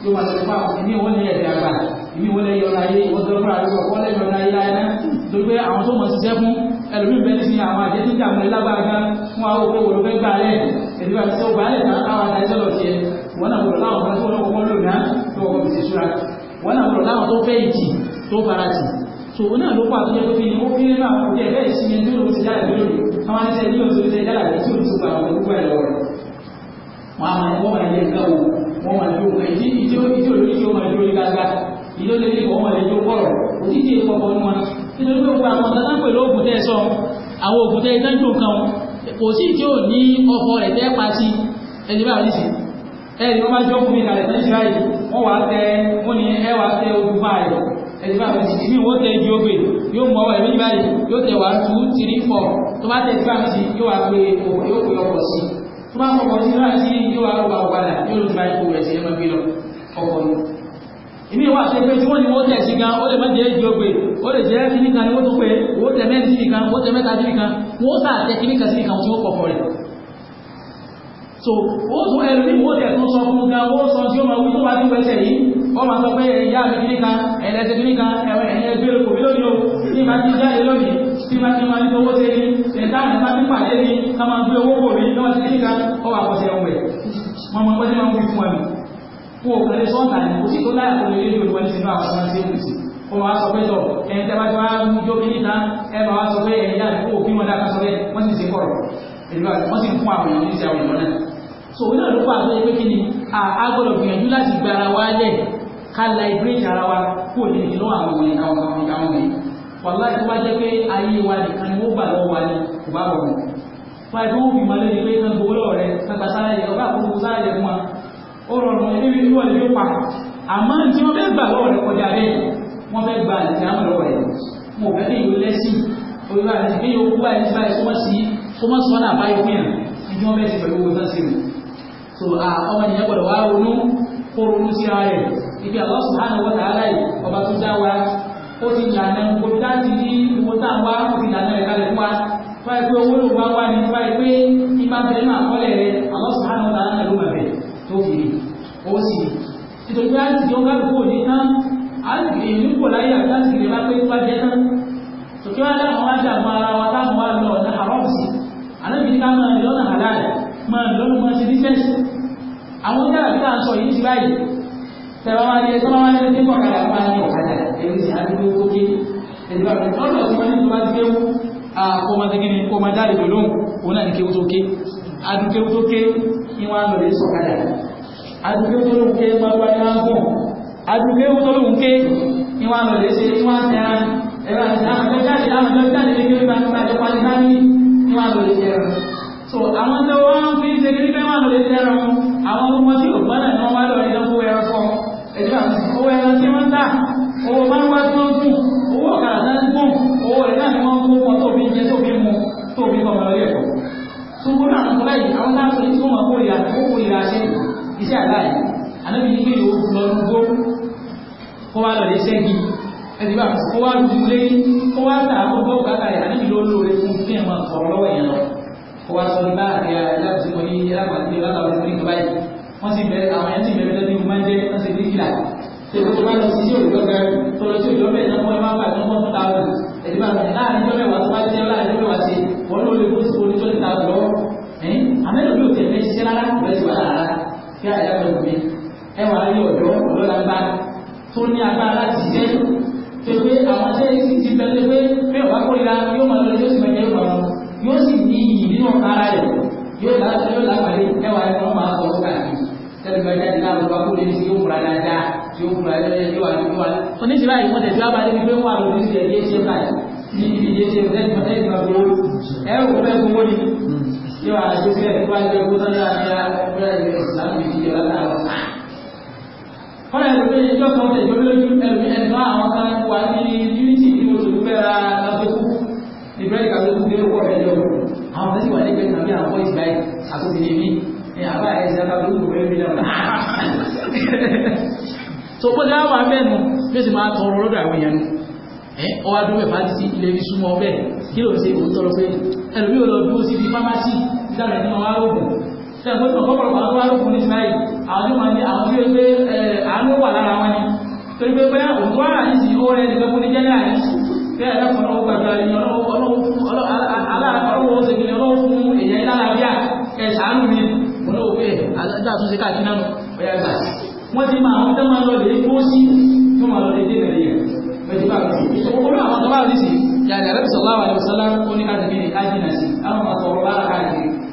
yóò wá lọ lè kọ́ àwọn ẹ̀mí wọn ní ẹ̀dẹ̀ àgbà ẹ̀mí wọn lẹ́yọ̀ láyé ìwọ́n tó lọ́kọ́ àlùkò ọ̀kọ́ lẹ́yọ̀ láyé láyé náà tó gbé àwọn tó mọ̀ ṣiṣẹ́ fún ẹlòmíì bẹ́ẹ̀ sí àwọn àjẹ́ níjà mọ́ lágbára gan fún àwọn owó òwò fẹ́ gbà lẹ̀ ẹ̀dùn àti sọ gbà lẹ̀ táwọn àdájọ́ lọ tiẹ̀ wọn náà wúlò láwọn ọmọ tó wọn kọ́kọ́ lò náà tó wọn kọ́ fi ṣèṣúra wọn náà wúlò láwọn tó fẹ́ ìtì tó fara tì so náà ló pa àtúnyẹ tó fi ní ó fi nínú àwọn òbí ẹgbẹ́ ìsinmi ní olùkọ́ ti jáde lórí àwọn àti ẹni yóò ti jáde àti o ti gba àwọn olùkọ́ ẹ̀ lọ́wọ́ wọn àwọn ẹ̀kọ́ wọn ẹ̀yẹ nǹkan wò nítorí pé gbogbo àwọn ọ̀gá pẹ̀lú ògùn tẹ́ sọ àwọn ògùn tẹ́ ìtọ́jú nǹkan kò sí tí ò ní ọkọ̀ rẹ̀ tẹ́ pa sí ẹni bá rísì ẹni wọ́n bá jọ fún mi kalẹ̀ tẹ́ sí báyìí wọ́n wá tẹ wọ́n ní ẹ wá tẹ ogun bá rẹ̀ ẹni bá rísì ìmí wọ́n tẹ ibi ogbè yóò mú ọwọ́ ìròyìn báyìí yóò tẹ wá tú tìrí fọ tó bá tẹ sí bá rísì yóò wá pé yóò pé ọkọ̀ sí tó bá kọkọ̀ sí báyìí yóò wá wà padà yóò lù ìmí wà ṣe pé tí wọ́n ní wọ́n tẹ̀ sí gan ó lè má jẹ́ ìjọgbe ó lè jẹ́ kíní kan ni wọ́n tó pé ó tẹ̀ mẹ́rin sí nìkan ó tẹ̀ mẹ́ta sí nìkan wọ́n sà tẹ kíní kan sí nìkan tí wọ́n kọ̀kọ̀ rẹ̀ so ó tún ẹlú ní wọ́n tẹ̀ tún sọ fún gan wọ́n sọ tí ó máa wí tó bá ti wẹsẹ̀ yìí wọ́n máa sọ pé ẹ̀yà mi kíní kan ẹ̀lẹ́sẹ̀ kíní kan ẹ̀wẹ̀ ẹ̀yẹ gbére kò mí lónìí o ní ìbá ti jáde lónìí tí máa ti máa ní owó tẹ́ ní ẹ̀dá àmì ti pàdé ní ká máa gbé owó kò mí lọ́wọ́ sí kíní kan ọwọ́ àkọsẹ̀ ọ̀wẹ̀ wọ́n máa wọ́n ti máa ń wí fún wa mi fún òkè ní sọ́ńtà ní kò sí tó láyà tó lè rí ìwé wọlé sínú àwọn ọmọ tí ó kù sí ó máa sọ pé tọ ẹni tẹ́ bá ti wá mú jó bí níta ẹ máa wá sọ pé ẹ̀yìn yára kó òfin wọn dáka sọ pé wọ́n sì ṣe kọ̀rọ̀ èlú àti wọ́n sì fún àwọn èèyàn ní ti àwọn èèyàn náà so òun náà ló fà pé kí ni a gbọ́dọ̀ gbìyànjú láti gba ara wa lẹ̀ ká la ìbírèjì ara wa kó lè ní lọ́wọ́ àwọn ọmọ ìka ọmọ ìka ọmọ yìí wàláì tó bá jẹ́ pé ayé wa nìkan ni wọ́n gbà lọ́wọ́ wa ni kò bá rọrùn fún ẹgbẹ́ pé ó rọrùn ẹbí tí wọ́n lè fi pa àmọ́ tí wọ́n fẹ́ gbà lọ́wọ́ rẹ kọjá bẹ́ẹ̀ wọ́n fẹ́ gba àlùkí àmọ́ lọ́wọ́ rẹ wọn ò fẹ́ kí yóò lẹ́sìn orí wa àti kéèyàn kú báyìí nípa ẹ̀ sọ́mọ́ sí sọ́mọ́ sí wọn àbáyé fún yàn tí wọ́n fẹ́ ti pẹ̀lú owó tán sí mi. so ọmọ nìyẹn gbọ́dọ̀ wá ronú kó ronú sí ara rẹ̀ ibi Allah subhanahu wa ta'ala yìí ọba tó dá wa ó ti yànnà kó dáàtì ní owó tá à ń wá ó ti yànnà rẹ̀ kalẹ̀ fún Allah subhanahu wa ta'ala ló mà tó fi rí ó sì rí nítorí pé àti tí ó bá kúrò ní tán àti kìrì ní kò láyé àti láti kìrì bá pé bá jẹ́ tán tòkí wá dáhùn wá dààmú ara wa táwọn wá lọ ọ̀nà haram sí àlejò ní ká máa lọ ọ̀nà halal máa lọ ọ̀nà máa ṣe bísẹ̀sì àwọn oníyàrá tí a ń sọ yìí ti báyìí tẹ̀wọ́n wá ní ẹ̀ tọ́wọ́n wá ní ẹ̀ tẹ́kọ̀ọ́ kàdà wá ní ọ̀kadà ẹ̀rí sí àdúgbò tó ké ẹ̀dùn àgbẹ̀ aduke tolóhùnké gbagbá ní wọn gùn aduke tolóhùnké ní wọn lọ lè ṣe ní wọn tẹ ẹran ẹran àmọjọ jáde àmọjọ jáde lè kéré bá nípa ìjọba ní bá ní ní wọn lọ lè ṣe ẹran so àwọn tó wọn fi ṣe ní pé wọn lọ lè ṣe ẹran àwọn ọmọ tí ò gbọ́dọ̀ ní wọn wá lọ ilé owó ẹran fọ ẹjọ owó ẹran tí wọn tà owó máa ń wá tí wọn owó ọ̀kadà náà ń owó rẹ̀ náà ni wọ́n kó wọn tó fi jẹ tó fi mu tó fi kọ́ ọmọ lórí ẹ̀kọ́ tó gbọ́dọ̀ àwọn ọmọ láyìí àwọn náà tó ń iṣẹ́ àláyé anábì ní pé yóò lọ gbó kó wá lọ lè ṣẹ́gi ẹni bá kó wá ju léyìn kó wá tà á kó gbọ́ bàtà rẹ̀ anábì ló lóore fún fún ẹ̀mọ́ sọ̀rọ̀ lọ́wọ́ yẹn lọ kó wá sọ ní bá àti aláàbòsí wọn ní aláàbòsí wọn láwọn ọmọ ìgbà yìí wọ́n sì bẹ̀rẹ̀ àwọn yẹn sì bẹ̀rẹ̀ lọ́dún ìgbà jẹ́ wọ́n sì ní kílà tètè tó bá lọ sí sí òwúrọ̀ gẹ́gẹ́ tó lọ sí òwúrọ̀ bẹ́ẹ̀ náà wọ́n máa ń bàjẹ́ wọ́n tún ta ọ̀dùn ẹ̀dí bá lọ́dún láàrin tó mẹ́wàá tó bá jẹ́ láàrin tó mẹ́wàá sí wọ́n ló lè kó sí orí tó ní ta ọ̀dùn lọ́wọ́ ẹ̀yìn àmẹ́lòmí ò tẹ̀lé ṣiṣẹ́ rárá kí àyà lọ gbé ẹ wà á rí ọ̀dọ́ ọlọ́lágbá tó ní agbára láti ṣiṣẹ́ tó pé àwọn ṣẹ́ sì ti bẹ́ẹ̀ pé bí ọ̀bá kórìíra yóò máa lọ yóò sì mẹ́jẹ yóò máa yóò sì ní iyì nínú ara rẹ̀ yóò láti yóò lágbàlẹ̀ ẹ wà á rí wọn máa sọ fún káàkiri sẹ́ni bá jáde náà lọ́ba kó lè ṣe yóò múra dáadáa yóò múra dáadáa yóò wà nínú wa. tó ní ìṣẹ̀lẹ̀ àyíkọ́ tẹ̀síwá bá débi pé wọ́n ní ìṣẹ̀lẹ̀ yé ṣe báyìí ní ibi ẹ̀ ẹ̀ ẹ̀ ẹ̀ ẹ̀ ẹ̀ ẹ̀ tí wàá ṣe bẹ́ẹ̀ tó bá jẹ́ kó tán dáadáa ẹgbẹ́ ilẹ̀ ìsìlámù yìí yọ lára wọn. wọ́n yẹ kó ìjọ kan lè gbé lójú ẹlòmí ẹ̀dọ́ àwọn kan wà ní unity ní oṣù gbẹ́ra lọ́sọ̀kú ìgbẹ́ ìkàlókù dé owó ẹ̀jọ̀ àwọn tó sì wà nígbẹ́ ìkàlókù àwọn boys by àtúntì ní mí ní àbá ẹ̀sẹ̀ akàlókù rẹ̀ mi lọ́wọ́. tó kó dáa wà bẹ́ẹ̀ nu bí ó sì máa tọrọ lọ́dọ̀ àwọn èèyàn nu ọwọ́ adúmẹ̀fà ti ilé fi súnmọ́ bẹ́ẹ̀ kí ló ń ṣe òótọ́ lọ pé ẹlòmí ò lọ dúró síbi fámásì sísá rẹ̀ nínú àwọn arógùn sẹ́gun tó kọ́ pọ̀lọpọ̀ àwọn arógùn ní sinai àwọn tó máa ní àwọn tó yẹ pé àánú wà lára wọn ni torí pé bóyá òkú ara yìí sì ó rẹ̀ nìkan fún ní jẹ́nẹ́rà yìí bí ẹ̀rọ kan náà gbàgbà ni ọlọ́wọ́ ṣe kí ni ọlọ́wọ́ fún èèyàn ìlàlàbíà ẹ̀ sàánù mi òun náà wọ́pẹ́ àjọ àtúnṣe káàkiri náà ọ̀yà gbà wọ́n ti máa àwọn tó máa lọ lè kó sí tó máa lọ lè dé bẹ̀rẹ̀ yẹn bẹ̀rẹ̀ bá wọn. ìṣòro àwọn tó bá rí sí yàrá ìrẹ́pìsọ̀lá wa ni sọlá ó ní ká tẹ̀lé ká jìnà sí àwọn àtọ̀rọ̀ bá rà káàkiri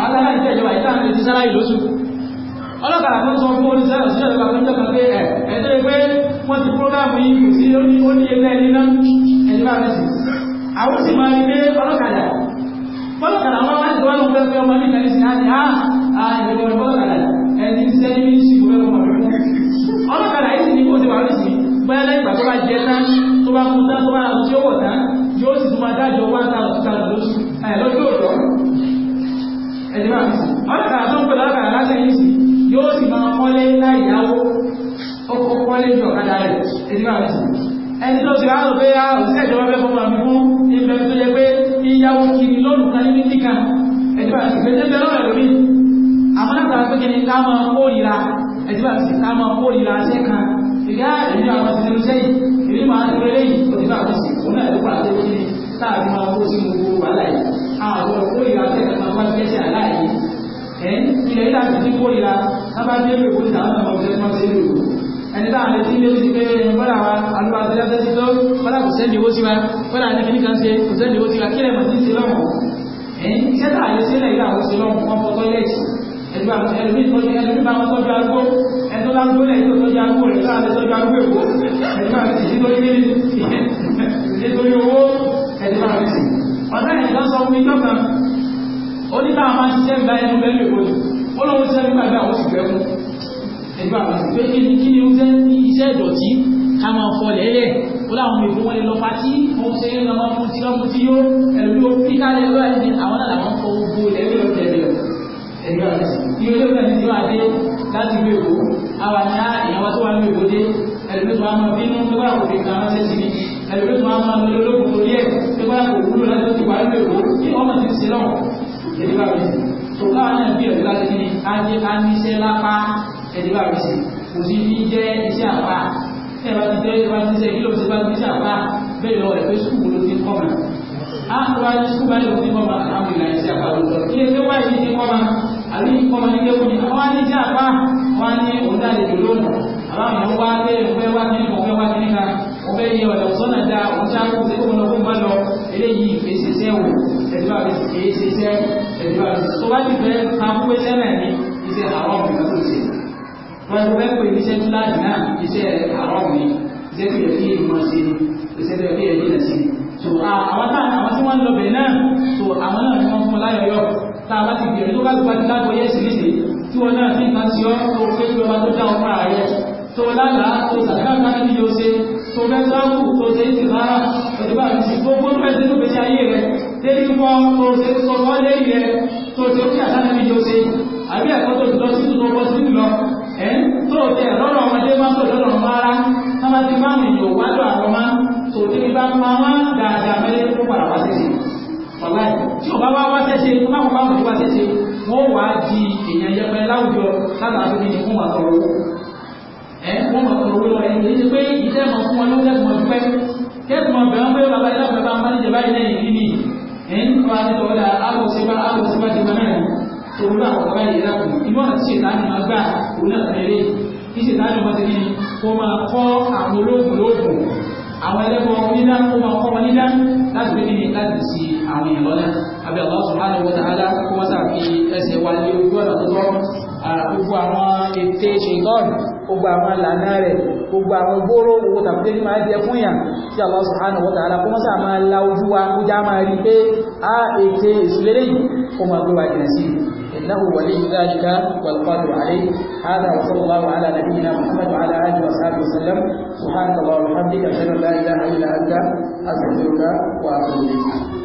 àwọn sáláì tẹ̀ ìjọba ìta àti ti sáláì lóṣù ọlọ́kadà tó sọ fún oníṣẹ́ òṣìṣẹ́ ìjọba tó ń jọba pé ẹ̀ ẹ̀ tó yẹ pé wọ́n ti prógámù yìí sí ó ní ó ní ilé ẹni náà ẹni bá mẹ́sì àwọn sì máa rí pé ọlọ́kadà ọlọ́kadà wọn máa ń tẹ̀wọ́n lóun fẹ́ fẹ́ ọmọ nígbà ní sinmi àti á ìrẹ̀lẹ̀ ọlọ́kadà ẹni tí sẹ́ni ní sí ìwé ọmọ rẹ̀ ọlọ́kadà yìí sì ní kó ti wà ní sí bóyá lẹ́yìn ìgbà tó bá jẹ tán tó bá kú tán tó bá tí ó wọ̀ tán yóò sì tún máa dájọ́ one thousand two ẹ̀dínmá ọ̀nà tó ń pèlú ọ̀kadà láti ẹ̀yìn sí yóò sì máa kọ́lé láìyáwó ó kọ́lé ju ọ̀kadà rẹ̀ ẹ̀dínmá ẹni tó ti rà lọ pé a òṣìṣẹ́ ìjọba fẹ́ fọmọ àmì fún ibẹ̀ tó yẹ pé ìyàwó kiri lọ́dún kan ní kíkà ẹ̀dínmá ìgbésẹ̀ bẹ́ẹ̀ lọ́rẹ̀ lórí àmọ́ látara pé kẹ́ni ká máa kórìíra ẹ̀dínmá ká máa kórìíra ṣẹ́ kan ìgbà èmi àwọn ti lọ sẹ́yìn èmi máa ń rẹ́lẹ́ yìí òdìbò àkọsí òun náà ló pàdé kí ni táàbí máa kó sí gbogbo wàhálà yìí àwọn àgbọ̀rọ̀ kórìíra ṣẹ́ bá ti ṣe aláàyè ẹ ilẹ̀ yìí láti ti kórìíra sábà dé ìlú ìwé ìdáhùn náà ọ̀gbẹ́ wọn ti lò ẹni táwọn lè ti lé sí pé bọ́lá wa alúwa ti lẹ́sẹ̀ sí tó bọ́lá kò sẹ́ni owó sí wa bọ́lá ní kíní kan ṣe kò sẹ́ni owó sí wa kí lẹ́mọ̀ ti ṣe lọ́wọ́ ẹ̀ iṣẹ́ tá a lè ṣe lẹ́yìn àwọn ṣe lọ́wọ́ wọn fọ́ tọ́lẹ́ẹ̀tì ẹ̀dùn àwọn ẹlòmíì tọ́jú ẹlòmíì máa ń tọ́jú arúgbó ẹ̀dùn lágbó lẹ́yìn tó tọ́jú arúgbó rẹ̀ tó àlẹ́ tọ́jú arúgbó èkó ẹ̀dùn àwọn ìṣẹ́ tó yé nítorí owó ẹ̀dùn àwọn ìṣẹ́ ọ̀dọ́ ẹ̀ ó ní táwọn máa ń ṣiṣẹ́ ìgbà ẹnu lẹ́nu ìwé ó lóun ṣiṣẹ́ nígbà bí àwọn òṣìṣẹ́ fún ẹgbẹ́ àwọn òṣìṣẹ́ kí ni kí ni oúnjẹ ní iṣẹ́ ìdọ̀tí ká máa fọ lẹ́lẹ̀ ó láwọn mi fún wọn lè lọ pátí òun ṣe ń lọ fún tí lọ́mú tí yó ẹ̀rù ló fi kálẹ̀ lọ́wọ́ ẹni àwọn náà làwọn fọ gbogbo lẹ́lẹ̀ lọ́tẹ̀lẹ̀ ẹgbẹ́ àwọn òṣìṣẹ́ ìwé lóògbé ni tí wọ́n adé láti gbé èkó àwọn ní ìyàwó tó wà ní èkó dé ẹlòmí tó máa ma bínú tó bá kò fi kàn án ṣe síbi ẹlòmí tó máa ma lọ lókùn lórí ẹ tó bá kò wúlò láti tó ti wà ní èkó kí ọmọ ti ń ẹ̀dí bá rẹ̀ sí tó káwọn náà bí ẹ̀dí bá ti ní ajé aníṣẹ́ lápá ẹ̀dí bá rẹ̀ sí kò sí ní jẹ́ iṣẹ́ àpá ẹ̀ bá ti jẹ́ bá ti ṣe kí ló ti bá ti ṣe àpá bẹ́ẹ̀ lọ rẹ̀ pé sùkúù ló ti kọ́ mọ̀ àwọn àti sùkúù bá lè ti kọ́ mọ̀ àwọn ìlànà iṣẹ́ àpá ló lọ ilé ẹgbẹ́ wáyé ti kọ́ mọ̀ àbí kọ́ mọ̀ nílé fún mi àwọn àti iṣẹ́ àpá wọn ní òun àlejò lónìí àwọn àmì wá pé òfẹ́ wá kí òfẹ́ wá kí ká òfẹ́ yẹ ọ̀dà sọ́nà dá òun ṣáà kó ṣe kó bá lọ eléyìí fèsì sẹ́wọ̀n ẹ̀dọ́ àbẹ̀sì fèsì sẹ́wọ̀n tó bá ti fẹ́ san pé sẹ́mẹ̀ ní iṣẹ́ àárọ̀ mi lọ́tò ṣe wọ́n ti fẹ́ pé iṣẹ́ túláàdì náà iṣẹ́ àárọ̀ mi iṣẹ́ tó yẹ kí ìmọ̀ ṣe iṣẹ́ tó yẹ kí ìyẹn ṣe so àwọn tá àwọn tí wọ́n ń lọ bẹ̀rẹ̀ náà so a bá ti bẹ̀rẹ̀ tó bá ti pàdé lágbo yẹ sí níṣẹ́ tí wọ́n náà fi nǹkan sí ọ́ tó pé pé ọba tó dá ọ fúnra rẹ tó lálàá tó sàkáàkà níbi yóò ṣe tó fẹ́ sáàkù tó ṣe é ti rárá òdìbò àti gbogbo ẹgbẹ́ tó fẹ́ ṣe ayé rẹ ṣé ní wọ́n tó ṣe sọ wọ́n lẹ́yìn rẹ̀ tó ṣe kí àtàlẹ́ mi jọ ṣe àbí ẹ̀kọ́ tó lọ sí tó lọ sí lọ ẹ̀ tó tẹ̀ lọ́rọ̀ ọmọdé má tó lọ́rọ̀ ọmọ ara sábà ti máa mi yòó wájú àwọn ọmọ tó ti bá ń pa wá dáadáa mẹ́lẹ́ tó padà wá sí ọ̀la ẹ̀ tí ò bá wá wá tẹ́sẹ̀ tó máa wá wá tẹ́sẹ̀ wọ́n wá di èèyàn yẹpẹ láwùjọ látàrí ní fún àtọ̀rọ̀ owó ẹ̀ wọ́n mọ̀ tọ̀rọ̀ lọ ẹ̀yìn tó wá ní tọ́wọ́dá ágbòsíbá ágbòsíbá ti máa náà tó wúlò àwọn ọ̀gá yìí lápò inú ọ̀nà tí ṣètàní máa gbà òun náà tẹ̀lé kí ṣètàní máa tẹ̀lé kó máa kọ́ àwọn olóògùn lóògùn àwọn ẹlẹ́gbọ́n onídá kó máa kọ́ wọn nídá láti gbé níbi láti sí àwọn èèyàn lọ́nà abẹ́ Allah subhanahu wa ta'ala kó wọ́n sàfi ẹsẹ̀ wa lé ojú ọ̀nà tó tọ́ gbogbo àwọn ète ṣètọ́ọ̀nù gbogbo àwọn lànà rẹ̀ gbogbo àwọn gbóró owó tàbí ní máa jẹ fún yàn tí Allah subhanahu wa ta'ala kó mọ́sà máa la ojú wa kó já máa rí pé a ète ìsúlélé yìí kó máa gbé wa jìnà sí innahu waliyyu dhalika wal qadiru alayh hadha wa sallallahu ala nabiyyina muhammad wa